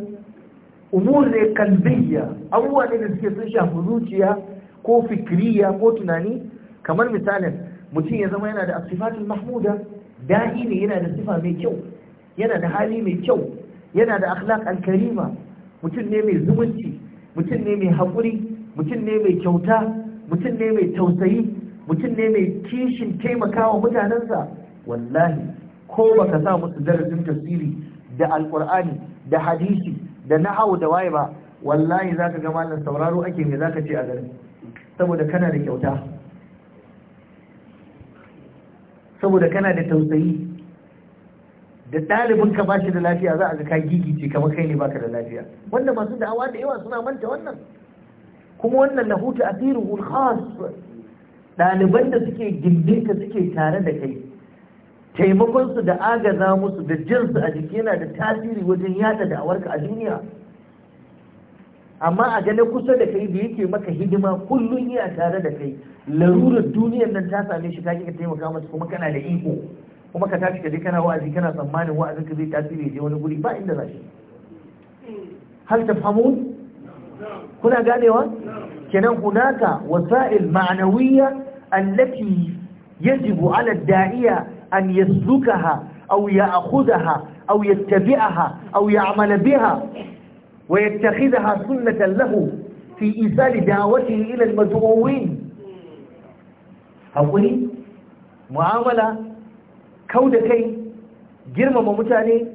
umur ne kalbiyya abubuwa ne da suke sun shafi zuciya ko fikiriya ko tunani kamar misalin mutum ya zama yana da asifatul mahmuda da'i ne yana da sifa mai kyau yana da hali mai kyau yana da akhlaq alkarima. karima mutum ne mai zumunci mutum ne mai haƙuri mutum ne mai kyauta mutum ne mai tausayi mutum ne mai kishin taimakawa mutanensa wallahi ko baka sa musu darasin tafsiri da alqur'ani da hadisi da nahawu da waye ba wallahi zaka ga mallan sauraro ake me zaka ce a garin saboda kana da kyauta saboda kana da tausayi da ɗalibin ka bashi da lafiya za a ga ka gigice kamar kai ne baka da lafiya wanda masu da'awa da yawa suna manta wannan kuma wannan lahutu asiruhul khas ɗaliban da suke ka suke tare da kai taimakonsu da agaza musu da jinsu a jiki yana da tasiri wajen yada da'awarka a duniya amma a gane kusa da kai da yake maka hidima kullum ya tare da kai larurar duniyar nan ta same shi kake ka taimaka masa kuma kana da iko kuma ka tashi ka je kana wa'azi kana tsammanin wa'azin ka zai tasiri je wani guri ba inda za shi hal ta famu? kuna ganewa kenan hunaka wasa'il ma'anawiyya allati yajibu ala da'iya an yaslukaha aw ya'khudaha aw yattabi'aha aw ya'mala biha wa yattakhidha sunnatan lahu fi isal da'watihi ila al-mad'uwin hakuri mu'amala kau da kai girmama mutane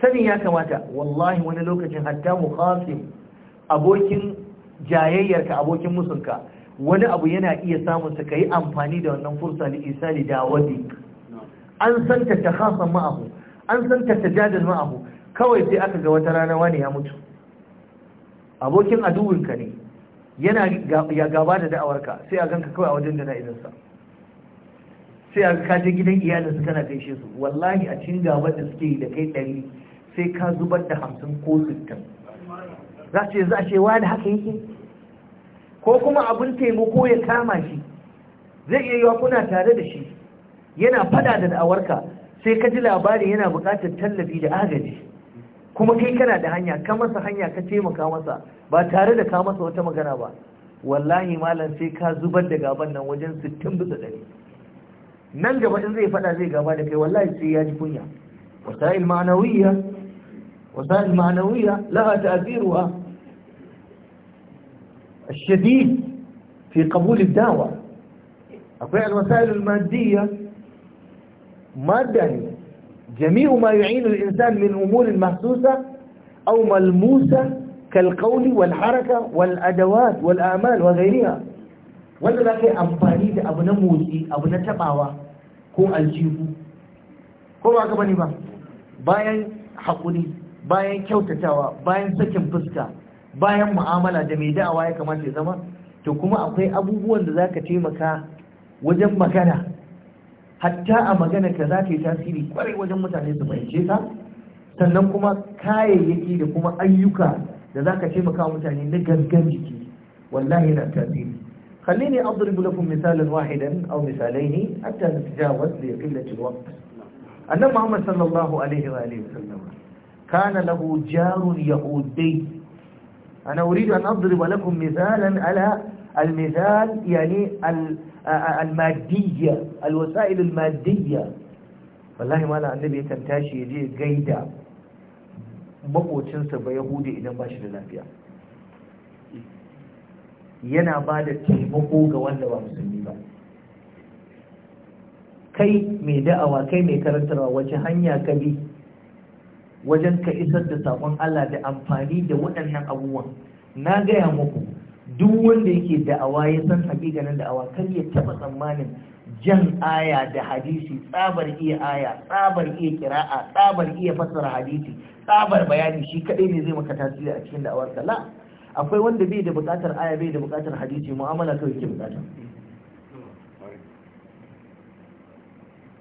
sanin ya kamata wallahi wani lokacin hatta mukhasim abokin jayayyarka abokin musunka wani abu yana iya samun sa kai amfani da wannan fursa li isali da'watik an san ta ta khasa ma'ahu an san ta tajadal ma'ahu kawai sai aka ga wata rana wani ya mutu abokin aduwinka ne yana ya gaba da da'awarka sai a ganka kawai a wajen da jana'izarsa sai a ka je gidan su kana gaishe su wallahi a cikin gaba da suke yi da kai ɗari sai ka zubar da hamsin ko sittin za ce za a ce wa da haka yake ko kuma abin taimako ya kama shi zai iya yiwa kuna tare da shi yana fada da da'awarka sai ka ji labari yana buƙatar tallafi da agaji kuma kai kana da hanya ka masa hanya ka taimaka masa ba tare da ka masa wata magana ba wallahi malam sai ka zubar da gaban nan wajen 60 bisa ɗari nan gaba in zai fada zai gaba da kai wallahi sai ya ji kunya wasa'il ma'anawiyya wasa'il ma'anawiyya laha ta'thiruha الشديد في قبول الدعوة أقول الوسائل المادية مادة جميع ما يعين الإنسان من أمور محسوسة أو ملموسة كالقول والحركة والأدوات والآمال وغيرها wanda za ka yi amfani da abu na motsi abu na tabawa ko aljihu ko ba ka bani ba bayan haƙuri bayan kyautatawa bayan sakin fuska bayan mu'amala da mai da'awa ya kamata ya zama to kuma akwai abubuwan da za ka taimaka wajen magana hatta a magana ka za ta yi tasiri kwarai wajen mutane su fahimce ta sannan kuma kayayyaki da kuma ayyuka da za ka taimaka mutane na gangan jiki wallahi na tasiri خليني أضرب لكم مثالا واحدا أو مثالين حتى نتجاوز لقلة الوقت أن محمد صلى الله عليه وآله وسلم كان له جار يهودي أنا أريد أن أضرب لكم مثالا على المثال يعني المادية الوسائل المادية wallahi mala yakan tashi ya je gaida makocinsa ba ya yahudi idan ba shi da lafiya yana ba da taimako ga wanda ba musulmi ba kai mai da'awa kai mai karantarwa wace hanya ka bi wajen ka isar da sakon Allah da amfani da waɗannan abubuwan na gaya maku. duk wanda yake da'awa ya san hakikanin da'awa kan ya taba tsammanin jan aya da hadisi tsabar iya aya tsabar iya kira'a tsabar iya fassara hadisi tsabar bayani shi kadai ne zai maka tasiri a cikin da'awar la akwai wanda bai da bukatar aya bai da bukatar hadisi mu'amala kawai ke bukata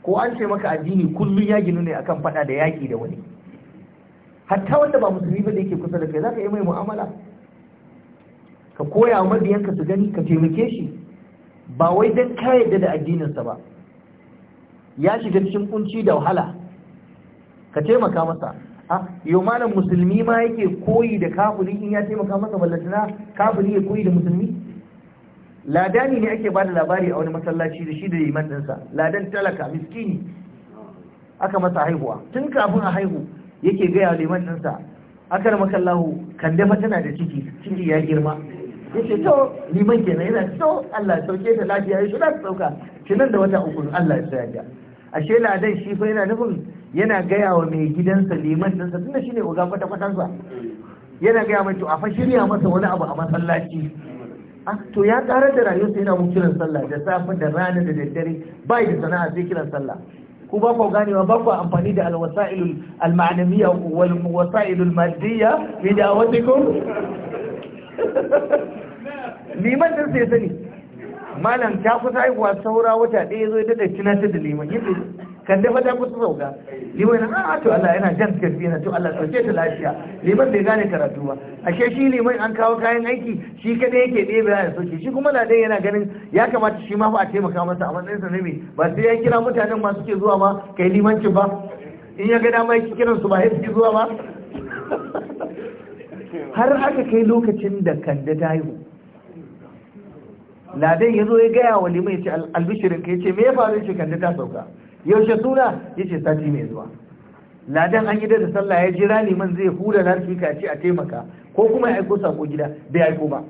ko an ce maka addini kullum ya ginu ne akan fada da yaki da wani hatta wanda ba musulmi ba da yake kusa da kai zaka yi mai mu'amala ka koya wa mabiyanka su gani ka taimake shi ba wai don ka yarda da addininsa ba ya shiga cikin kunci da wahala ka taimaka masa a yau malam musulmi ma yake koyi da kafuli in ya taimaka masa ballatana kafuli ya koyi da musulmi ladani ne ake bada labari a wani masallaci da shi da liman ɗinsa ladan talaka miskini aka masa haihuwa tun kafin a haihu yake gaya liman ɗinsa akar makallahu kan dafa tana da ciki ciki ya girma ya ce to liman kenan yana to Allah sauke ta lafiya ya shiga ta sauka shi nan da wata uku Allah ya tsaya ashe ladan shi fa yana nufin yana gaya wa mai gidansa liman ɗinsa tunda shine uga kwata kwatansa yana gaya mai to a fa shirya masa wani abu a masallaci ah, to ya karar da rayuwarsa yana mun kiran sallah da safe da rana da daddare bai da sana'a sai kiran sallah ku ba ku ganewa ba ku amfani da alwasa'il alma'nawiyya wal wasa'il almadiyya bi da'awatikum liman din sai sani malam ta kusa haihuwa saura wata ɗaya zo da tunatar da liman yadda kan dafa ta kusa sauka liman yana a ah, to Allah yana jan karfi yana to Allah sauke ta lafiya liman bai gane karatu ba ashe shi liman an kawo kayan aiki shi kadai yake ɗaya bai ya sauke shi kuma ladan yana ganin ya kamata shi ma fa a taimaka masa a matsayinsa na mai ba sai ya kira mutanen ma suke zuwa ba kai limancin ba in ya ga dama yake kiran su ba ya suke zuwa ba har aka kai lokacin da kande ta haihu ladan ya zo ya gaya wa limai ya ce albishirin ka ya ce mai ya faru ce kande ta sauka yaushe suna ya ce sati mai zuwa ladan an yi da sallah ya jira liman zai hura larfi ka ce a taimaka ko kuma ya aiko sako gida bai aiko ba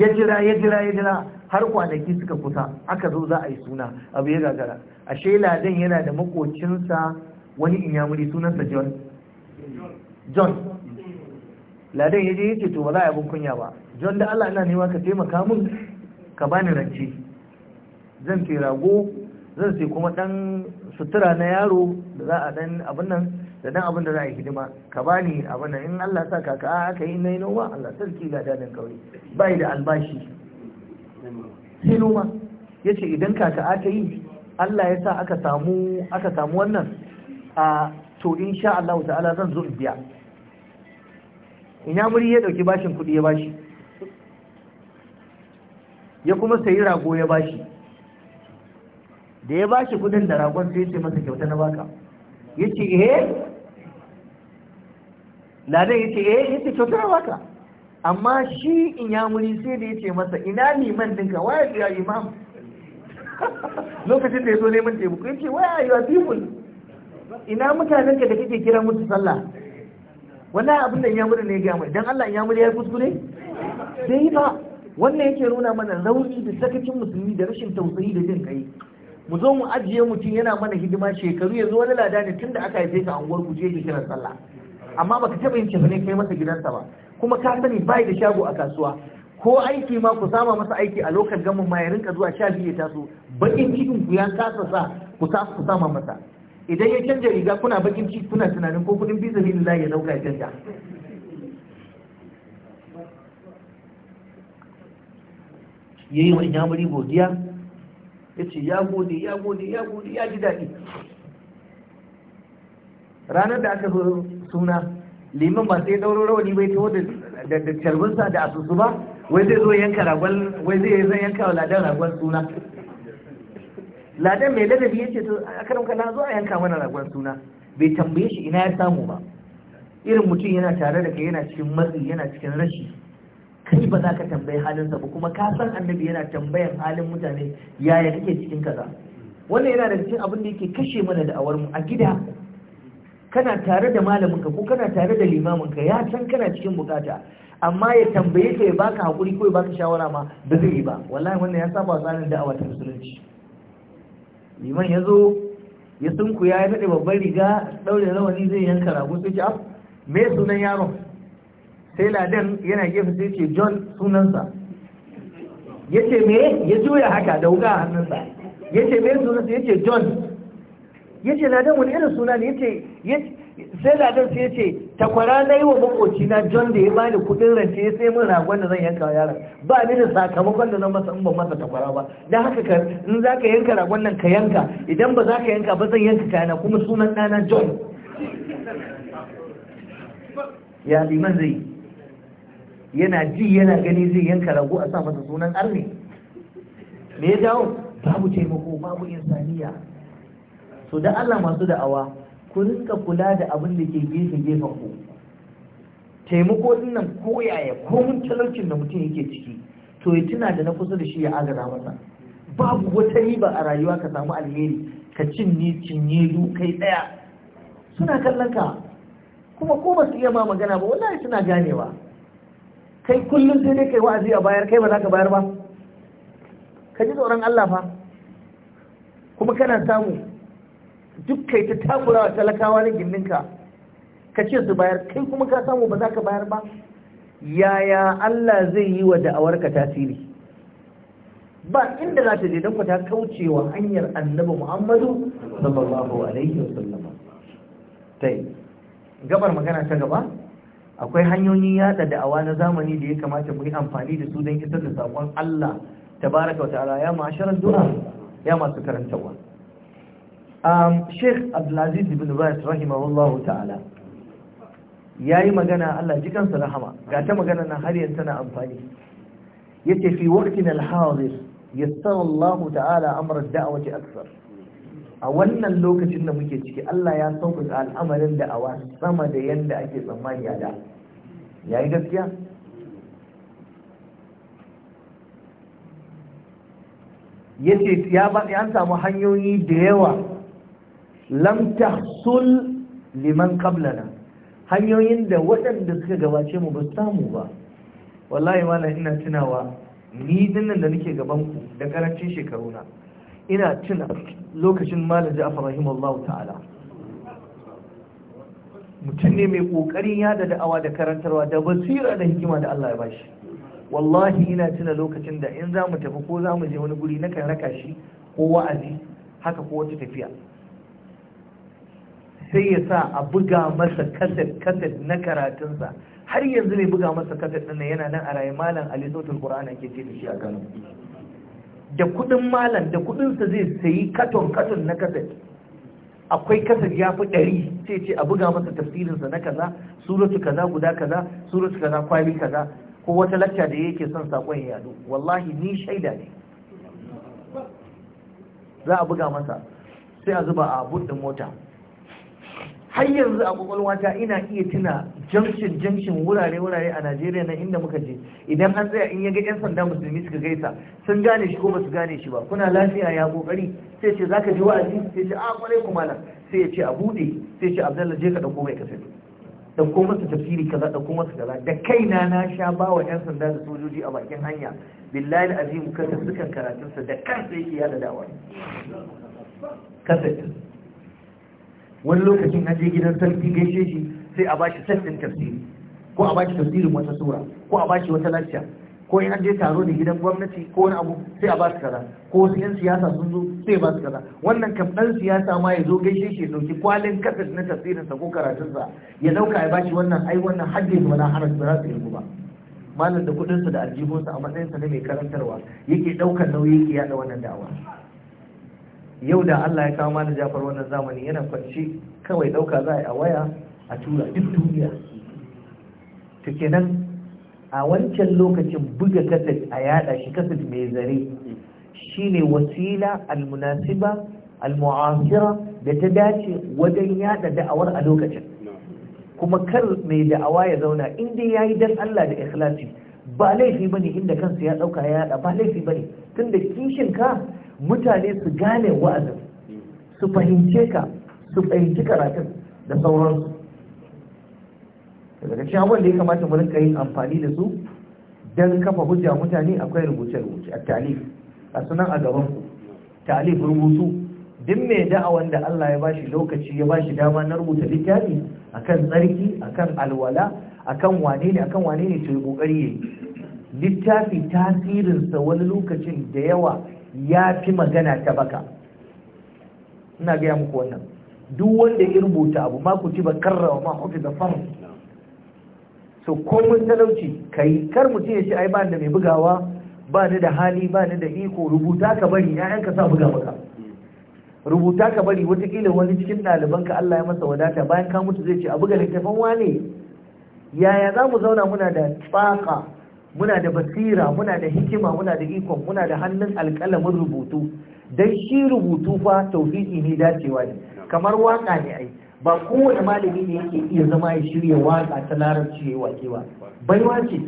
ya jira ya jira ya jira har kwanaki suka kusa aka zo za a yi suna abu ya gagara ashe ladan yana da makocinsa wani inyamuri sunansa john john ladan ya je yake to ba za a abin kunya ba john da allah ina nema ka taimaka mun ka bani rance zan ce rago zan sai kuma dan sutura na yaro da za a dan abin nan da dan abin da za a yi hidima ka bani abin nan in allah sa kaka aka yi na yi noma allah sarki ga dadin kawai bai da albashi sai noma ya ce idan kaka aka yi allah ya sa aka samu wannan a to insha allah ta'ala zan zo in biya ina muri ya dauki bashin kudi ya bashi ya kuma sayi rago ya bashi da ya bashi kudin da ragon sai ce masa kyauta na baka ya ce eh ladan ya ce eh ya ce kyauta na baka amma shi in muri sai da ya ce masa ina liman dinka waya ya imam lokacin da ya zo neman taimako ya ce waya ya people ina mutanenka da kake kira musu sallah wallahi abin da ya mura ne ya mai idan Allah ya mura ya kuskure sai ba wannan yake nuna mana rauni da sakacin musulmi da rashin tausayi da jin kai mu zo mu ajiye mutum yana mana hidima shekaru ya zo wani lada ne tun da aka haife ka anguwar ku je ki kiran sallah amma baka taba yin cefane kai masa gidansa ba kuma ka sani bai da shago a kasuwa ko aiki ma ku sama masa aiki a lokacin gamin ma ya rinka zuwa sha ya taso bakin cikin ku ya kasa sa ku sama masa idan ya canja riga kuna bakin ciki kuna tunanin ko kudin biza lillahi ya dauka ya canja ya yi wa inyamuri godiya ya ce ya gode ya gode ya gode ya ji daɗi ranar da aka zo suna liman ba sai dauro rawani bai taho da carbinsa da asusu ba wai zai zo yanka ragon wai zai yanka wa ladan ragon suna ladan mai ladabi ya ce a karin kana zo a yanka mana ragon suna bai tambaye shi ina ya samu ba irin mutum yana tare da kai yana cikin matsi yana cikin rashi kai ba za ka tambayi halinsa ba kuma ka san annabi yana tambayan halin mutane yaya kake cikin kaza wannan yana da cikin abin da yake kashe mana da mu a gida kana tare da ka ko kana tare da limaminka ya san kana cikin bukata amma ya tambaye ka ya baka hakuri ko ya baka shawara ma ba zai yi ba wallahi wannan ya saba tsarin da'awa ta musulunci liman ya zo ya sunku ya daɗe babban riga ɗaure rawani zai yanka rago sai ce me sunan yaron sai ladan yana gefe sai ce john sunansa ya ce me ya juya haka da wuga hannunsa ya ce me sunansa ya ce john ya ce ladan wani irin suna ne ya ce sai ladan sai ce takwara na yi wa makoci na john da ya bani kudin rance ya sai min ragon da zan yanka yaron ba ni da sakamakon da zan masa in ban masa takwara ba dan haka ka in za ka yanka ragon nan ka yanka idan ba za ka yanka ba zan yanka kayana kuma sunan ɗana john ya liman zai yana ji yana gani zai yanka rago a sa masa sunan arne me ya dawo babu taimako babu insaniya so da Allah masu da'awa ku rinka kula da abin da ke gefe gefen ku taimako dinnan ko yaya ko mun talaucin da mutum yake ciki to ya tuna da na kusa da shi ya agaza masa babu wata riba a rayuwa ka samu alheri ka cinye cinye du kai tsaya suna kallon ka kuma ko ba su iya ma magana ba wallahi suna ganewa kai kullum sai dai kai wa'azi a bayar kai ba za ka bayar ba ka ji tsoron Allah fa kuma kana samu duk kai ta takurawa talakawa na gindinka ka ce su bayar kai kuma ka samu ba za ka bayar ba yaya Allah zai yi wa da'awar ka tasiri ba inda za ta je don ta kaucewa hanyar annabi Muhammadu sallallahu alaihi wa wasallam tai gabar magana ta gaba akwai hanyoyin yada da'awa na zamani da ya kamata mu yi amfani da su don isar da sakon Allah tabaraka wa ta'ala ya ma'asharar ya masu karantawa Sheikh um, sheikh abdulaziz ibn bas rahimahullahu ta'ala ya magana Allah ji kansa rahama ga ta magana nan har yanzu tana amfani ya ce waqtin al-hadir ya Allah ta'ala ad-da'wati akthar a wannan lokacin da muke ciki Allah ya sauƙaƙa al'amarin da'awa sama da yadda ake tsammani a da ya yi gaskiya ya ba ya samu hanyoyi da yawa lam tahsul liman qablana hanyoyin da waɗanda suka gabace mu ba samu ba wallahi wala ina tunawa ni dinnan da nake gaban ku da karancin shekaru na ina tuna lokacin malam Ja'far rahimahullahu ta'ala mutum ne mai kokarin yada da'awa da karantarwa da basira da hikima da Allah ya bashi wallahi ina tuna lokacin da in za mu tafi ko za mu je wani guri na kan raka shi ko wa'azi haka ko wata tafiya sai ya sa a buga masa kaset-kaset na karatunsa har yanzu ne buga masa kaset ɗin yana nan a rayu malam ali sautul ƙura'an ake ce da shi a kano da kudin malam da kuɗinsa zai sayi katon-katon na kaset akwai kaset ya fi ɗari sai ce a buga masa tafsirinsa na kaza suratu kaza guda kaza suratu kaza kwari kaza ko wata lacca da yake son saƙon ya yadu wallahi ni shaida ne za a buga masa sai a zuba a buɗin mota har yanzu a kwakwalwata ina iya tuna junction junction wurare wurare a Najeriya na inda muka je idan an tsaya in ya ga yan sanda musulmi suka gaisa sun gane shi ko ba su gane shi ba kuna lafiya ya kokari sai ce zaka je wa'azi sai ce a ah, kwarai kuma na sai ya ce a bude sai ce Abdullah je ka dauko mai dan ko masa tafsiri kaza dauko masa kaza da kaina na sha bawa yan sanda da sojoji a bakin hanya billahi azim kasa sukan karatunsa da kansa yake yada dawa kasa wani lokacin haje je gidan sarki gaishe shi sai a bashi set ɗin tafsiri ko a bashi tafsirin wata sura ko a bashi wata lacca ko in an je taro da gidan gwamnati ko wani abu sai a ba su kaza ko wasu yan siyasa sun zo sai ba su kaza wannan kam dan siyasa ma ya zo gaishe shi ya dauki kwalin kasar na tafsirin sa ko karatun sa ya dauka ya bashi wannan ai wannan ne wala haraj ba za su yi ba malam da kudin sa da aljihun sa a matsayin sa ne mai karantarwa yake daukar nauyi yake yada wannan da'awa yau da Allah ya kawo malam Jafar wannan zamani yana kwance kawai dauka za a waya a tura duk duniya to kenan a wancan lokacin buga kasat a yada shi kasat mai zare shine wasila almunasiba almu'asira da ta dace wajen yada da'awar a lokacin kuma kar mai da'awa ya zauna inda yayi dan Allah da ikhlasi ba laifi bane inda kansa ya dauka ya yada ba laifi bane tunda kishin ka mutane su gane wa'azin su fahimce ka su fahimci karatun da sauransu daga cikin abubuwan da ya kamata mu rinka yin amfani da su don kafa hujja mutane akwai rubuce-rubuce a talif a sunan a gaban ku talif rubutu duk mai da'awan da Allah ya bashi lokaci ya bashi dama na rubuta littafi akan tsarki akan alwala akan wane ne akan wane ne to ya kokari yayi littafi tasirinsa wani lokacin da yawa ya fi magana ta baka ina gaya muku wannan duk wanda ya rubuta abu ma ku ci ba karrawa ma da faru so komin talauci kai kar mutum ya ce ai ba da mai bugawa ba ni da hali ba ni da iko rubuta ka bari Ya'yan ka sa buga maka rubuta ka bari Wataƙila wani cikin ɗaliban ka Allah ya masa wadata bayan ka mutu zai ce a buga littafin wane yaya za mu zauna muna da tsaka muna da basira muna da hikima muna da ikon muna da hannun alƙalamin rubutu dan shi rubutu fa tauhidi ne dacewa ne kamar waka ne ai ba kowane malami ne yake iya zama ya shirya waka ta larabci ya wake ba baiwa ce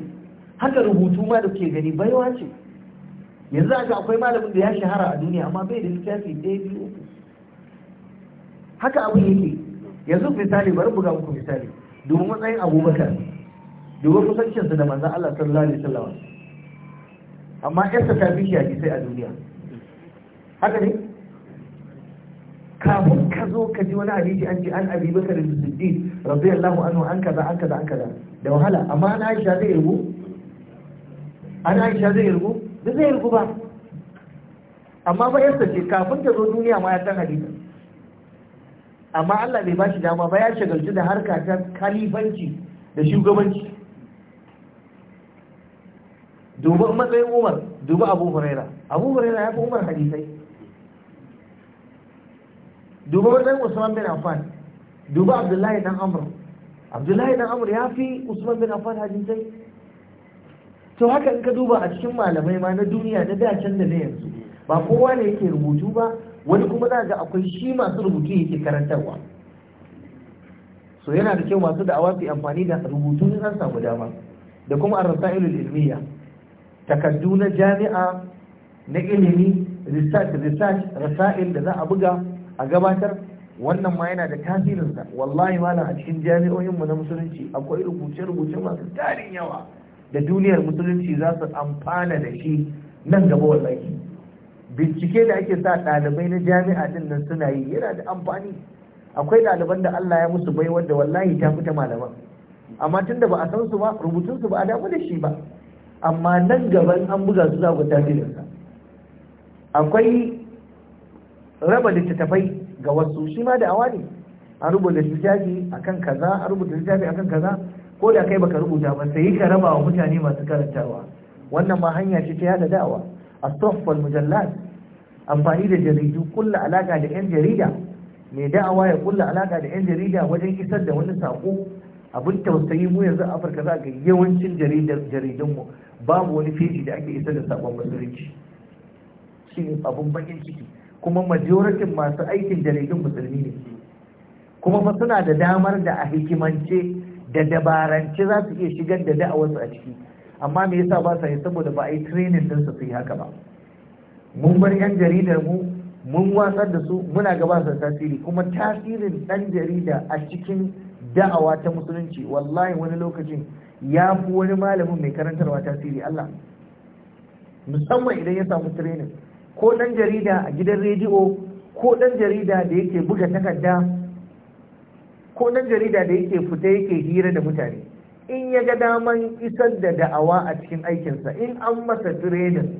haka rubutu ma da ke gani baiwa ce yanzu aka akwai malamin da ya shahara a duniya amma bai da littafi ɗaya biyu uku haka abin yake yanzu misali bari buga muku misali domin matsayin abubakar domin kusancinsa da manzan Allah sallallahu alaihi wasallam amma ƴan ta tafi shi hadisai a duniya haka ne kafin ka zo ka ji wani hadisi an ce an abi bakar siddiq radiyallahu anhu an kaza an kaza an kaza da wahala amma an aisha zai rubu an aisha zai rubu da zai rubu ba amma ba yarsa ce kafin ta zo duniya ma ya san hadisi amma Allah bai ba shi dama ba ya shagaltu da harka ta kalifanci da shugabanci duba matsayin umar duba abu huraira abu huraira ya fi umar hadisai duba matsayin usman bin affan duba abdullahi dan Amur. abdullahi dan Amur ya fi usman bin affan hadisai to haka in ka duba a cikin malamai ma na duniya na da can da na yanzu ba kowa ne yake rubutu ba wani kuma za ga akwai shi masu rubutu yake karantarwa so yana da kyau masu da'awa su amfani da rubutu in an samu dama da kuma arrasa'ilul ilmiya takardu na jami'a na ilimi research research rasa'il da za a buga a gabatar wannan ma yana da tasirinsa wallahi malam a cikin jami'o'inmu na musulunci akwai rubuce-rubuce masu tarin yawa da duniyar musulunci za su amfana da shi nan gaba wallahi bincike da ake sa ɗalibai na jami'a din nan suna yi yana da amfani akwai ɗaliban da Allah ya musu bai wanda wallahi ta fita malaman amma tunda ba a san su ba rubutun su ba a damu da shi ba amma nan gaban an buga su za ku tasirinsa akwai raba littattafai ga wasu shi ma awa ne a rubuta littafi kan kaza a rubuta littafi akan kaza ko da kai baka rubuta ba sai ka raba wa mutane masu karantawa wannan ma hanya ce ta yada dawa a astaghfar mujallat amfani da jaridu kulla alaka da yan jarida mai da'awa ya kulla alaka da yan jarida wajen isar da wani sako abin tausayi mu yanzu afirka za ga yawancin jaridunmu. mu babu wani feji da ake isa da sabon musulunci shi abun bakin ciki kuma majoratin masu aikin jaridun musulmi ne kuma fa suna da damar da a hikimance da dabarance za su iya shigar da da'awarsu a ciki amma me yasa ba sa yi saboda ba a yi training din su su yi haka ba mun bar yan jaridar mu mun watsar da su muna gaba su tasiri kuma tasirin dan jarida a cikin da'awa ta musulunci wallahi wani lokacin ya fi wani malamin mai karantarwa tasiri Allah musamman idan ya samu training ko dan jarida a gidan rediyo ko dan jarida da yake buga takarda ko ɗan jarida da yake fita yake hira da mutane in ya ga daman isar da da'awa a cikin aikinsa in an masa training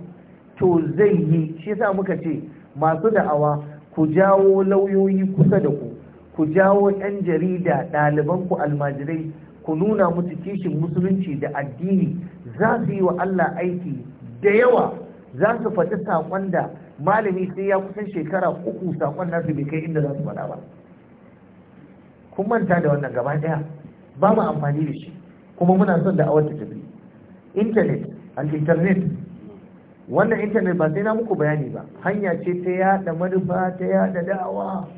to zai yi shi sa muka ce masu da'awa ku jawo lauyoyi kusa da ku ku jawo ɗan jarida ɗalibanku almajirai ku nuna musu kishin musulunci da addini za su yi wa Allah aiki da yawa za su faɗi saƙon da malami sai ya kusan shekara uku saƙon nasu bai kai inda za su faɗa ba kun manta da wannan gaba ɗaya ba mu amfani da shi kuma muna son da awar ta tafi intanet an internet wannan intanet ba sai na muku bayani ba hanya ce ta yada manufa ta yada da'awa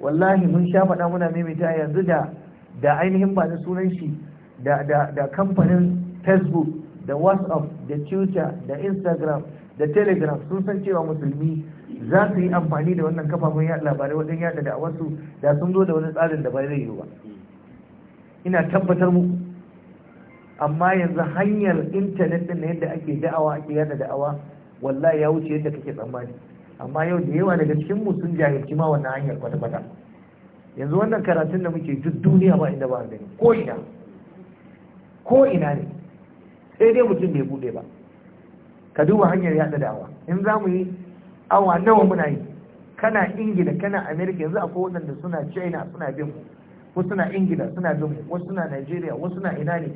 wallahi mun sha faɗa muna maimaita yanzu da da ainihin ba sunan shi da kamfanin facebook da whatsapp da twitter da instagram da telegram sun san cewa musulmi za su yi amfani da wannan kafafen yaɗa labarai wajen yaɗa da wasu da sun zo da wani tsarin da ba zai yi ba ina tabbatar mu amma yanzu hanyar intanet din na yadda ake da'awa ake yada da'awa wallahi ya wuce yadda kake tsammani amma yau da yawa daga cikin mu sun jahilci ma wannan hanyar kwata-kwata yanzu wannan karatun da muke duk duniya ba inda ba a gani ko ina ko ina ne sai dai mutum bai bude ba ka duba hanyar yada dawa in za mu yi awa nawa muna yi kana ingila kana america yanzu akwai waɗanda suna china suna bin mu wasu suna ingila suna bin mu wasu suna nigeria wasu suna ina ne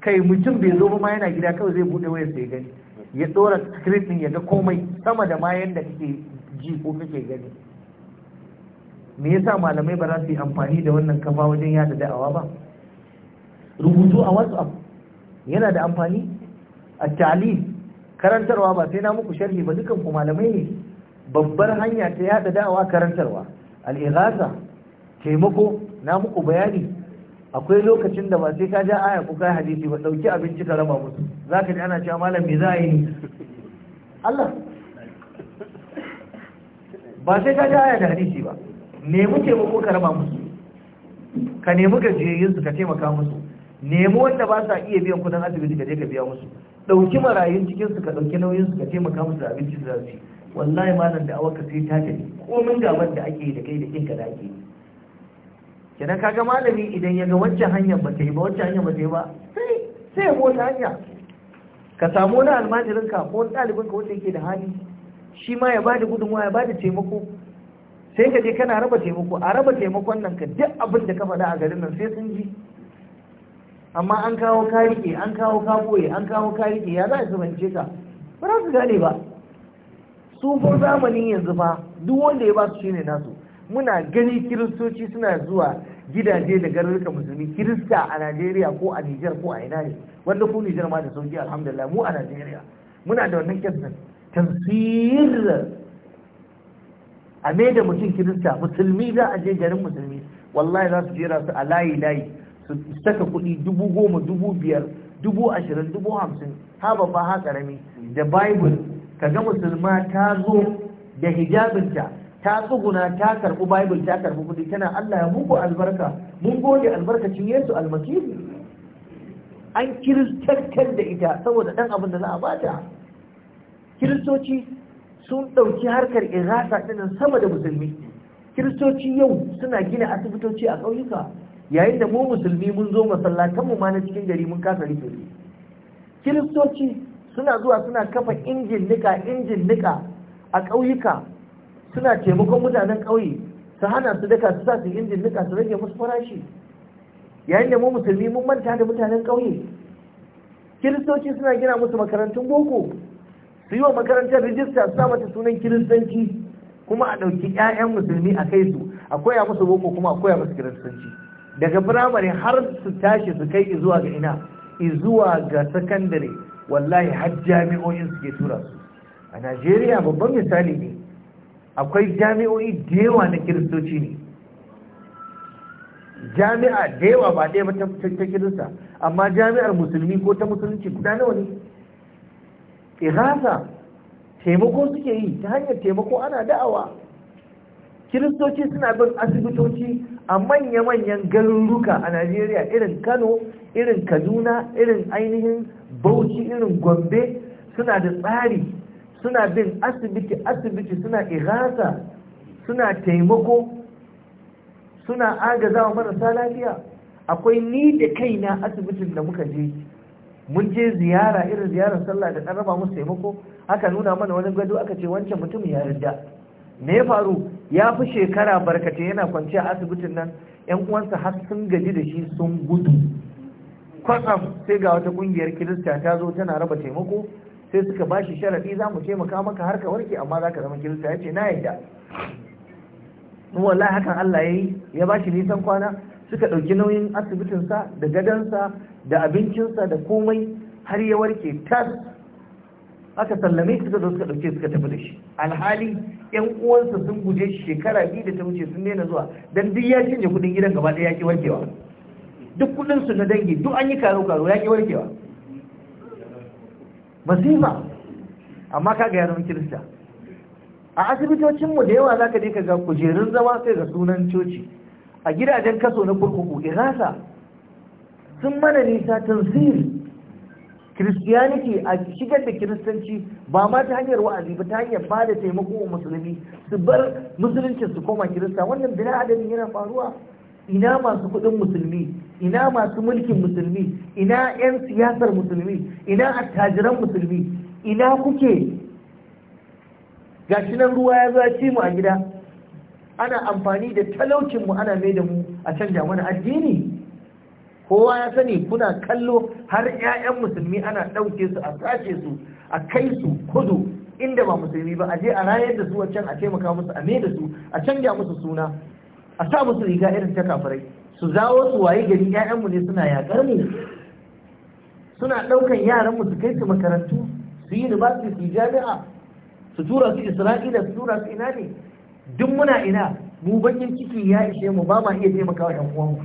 kai mutum bai zo ba ma yana gida kawai zai bude wayar sai gani ya ɗora script ya ga komai sama da ma yanda kake ji ko kake gani me yasa malamai ba za su yi amfani da wannan kafa wajen yada da'awa ba rubutu a whatsapp yana da amfani a talib karantarwa ba sai na muku sharhi ba dukan ku malamai ne babbar hanya ta yada da'awa karantarwa al'igasa taimako na muku bayani akwai lokacin da ba sai ka ja aya ko kai hadisi ba dauki abinci ka raba musu zaka ji ana cewa malam me za a yi Allah ba sai ka ja aya da hadisi ba nemi taimako ka raba musu ka nemi su ka taimaka musu nemi wanda ba sa iya biyan kudin asibiti ka je ka biya musu ɗauki marayun cikinsu ka ɗauki su ka taimaka musu da abinci da su wallahi malam da awaka sai ta tafi komin gaban da ake yi da kai da kinka da ake yi kenan kaga malami idan ya ga wacce hanyar ba ta yi ba wacce hanyar ba ta yi ba sai sai ya mota hanya ka samu wani almajirinka ka ko wani ɗalibin ka wanda yake da hali shi ma ya bada gudunmawa ya bada taimako sai ka je kana raba taimako a raba taimakon nan ka duk abin da ka faɗa a garin nan sai sun ji amma an kawo ka rike an kawo ka boye an kawo ka rike ya za a bance ka ba za su gane ba su zamanin yanzu fa duk wanda ya ba su shine nasu muna gani kiristoci suna zuwa gidaje da garuruka musulmi kirista a Najeriya ko a Nijar ko a ina ne wanda ku Nijar ma da sauki alhamdulillah mu a Najeriya muna da wannan nan tafsirar a me da mutum kirista musulmi za a je garin musulmi wallahi za su jera su a layi layi su saka kuɗi dubu goma dubu biyar dubu ashirin dubu hamsin ha ba ha karami da bible kaga musulma ta zo da hijabinta ta tsuguna ta karɓi bible ta karɓi kuɗi tana allah ya muku albarka mun gode albarkacin yesu almasihu an kiristantar da ita saboda ɗan abin da za a bata kiristoci sun ɗauki harkar irasa ɗinan sama da musulmi kiristoci yau suna gina asibitoci a ƙauyuka yayin da mu musulmi mun zo masallatanmu ma na cikin gari mun kasa rike su kiristoci suna zuwa suna kafa injin nika injin nika a ƙauyuka suna taimakon mutanen ƙauye su hana su daka su sa su injin nika su rage musu farashi yayin da mu musulmi mun manta da mutanen ƙauye kiristoci suna gina musu makarantun boko su yi wa makarantar rijista su sunan kiristanci kuma a ɗauki 'ya'yan musulmi a kai su a koya musu boko kuma a koya musu kiristanci daga firamare har su tashi su kai zuwa ga ina zuwa ga sakandare wallahi har jami'o'in suke tura su a najeriya babban misali ne akwai jami'o'i da yawa na kiristoci ne jami'a da yawa ba ɗaya ba ta kirista amma jami'ar musulmi ko ta musulunci guda nawa ne irasa taimako suke yi ta hanyar taimako ana da'awa kiristoci suna bin asibitoci a manya-manyan garuruka a najeriya irin kano irin kaduna irin ainihin bauchi irin gombe suna da tsari suna bin asibiti asibiti suna irasa suna taimako suna agaza marasa lafiya akwai ni da kaina asibitin da muka je mun je ziyara irin ziyarar sallah da raba musu taimako aka nuna mana wani gado aka ce wancan mutum ya yarda me ya faru ya fi shekara barkace yana kwanci a asibitin nan yan uwansa har sun gaji da shi sun gudu kwatsam sai ga wata kungiyar kirista ta zo tana raba taimako sai suka ba shi sharaɗi za mu taimaka maka har ka warke amma za ka zama kirista ya ce na yarda wallahi hakan Allah ya yi ya ba shi nisan kwana suka ɗauki nauyin asibitinsa da gadansa da abincinsa da komai har ya warke tas aka sallame suka zo suka ɗauke suka tafi da shi alhali yan uwansa sun guje shi shekara biyu da ta wuce sun daina zuwa dan duk ya cinye kuɗin gidan gaba ɗaya ya ki warkewa duk kuɗin su na dangi duk an yi karo karo ya ki warkewa masifa amma kaga yaron kirista a asibitocinmu da yawa zaka je ka ga kujerun zama sai ga sunan coci a gidajen kaso na kurkuku irasa sun mana nisa tanziri christianity a shigar da kiristanci ba ma ta hanyar wa'azi ba ta hanyar ba da taimako wa musulmi su bar musulunci su koma kirista wannan bila adadin yana faruwa ina masu kudin musulmi ina masu mulkin musulmi ina 'yan siyasar musulmi ina attajiran musulmi ina kuke gashi ruwa ya zo ya ci mu a gida ana amfani da talaucin mu ana mai da mu a canja mana addini kowa ya sani kuna kallo har 'ya'yan musulmi ana ɗauke su a sace su a kai su kudu inda ba musulmi ba a je a rayar da su a can a taimaka musu a da su a canja musu suna a sa musu riga irin ta kafirai su zawo su waye gari 'ya'yanmu ne suna yakar mu suna ɗaukan yaran mu su kai su makarantu su yi university jami'a su tura su isra'ila su tura su ina ne duk muna ina mu bakin ciki ya ishe mu ba ma iya taimakawa yan uwanmu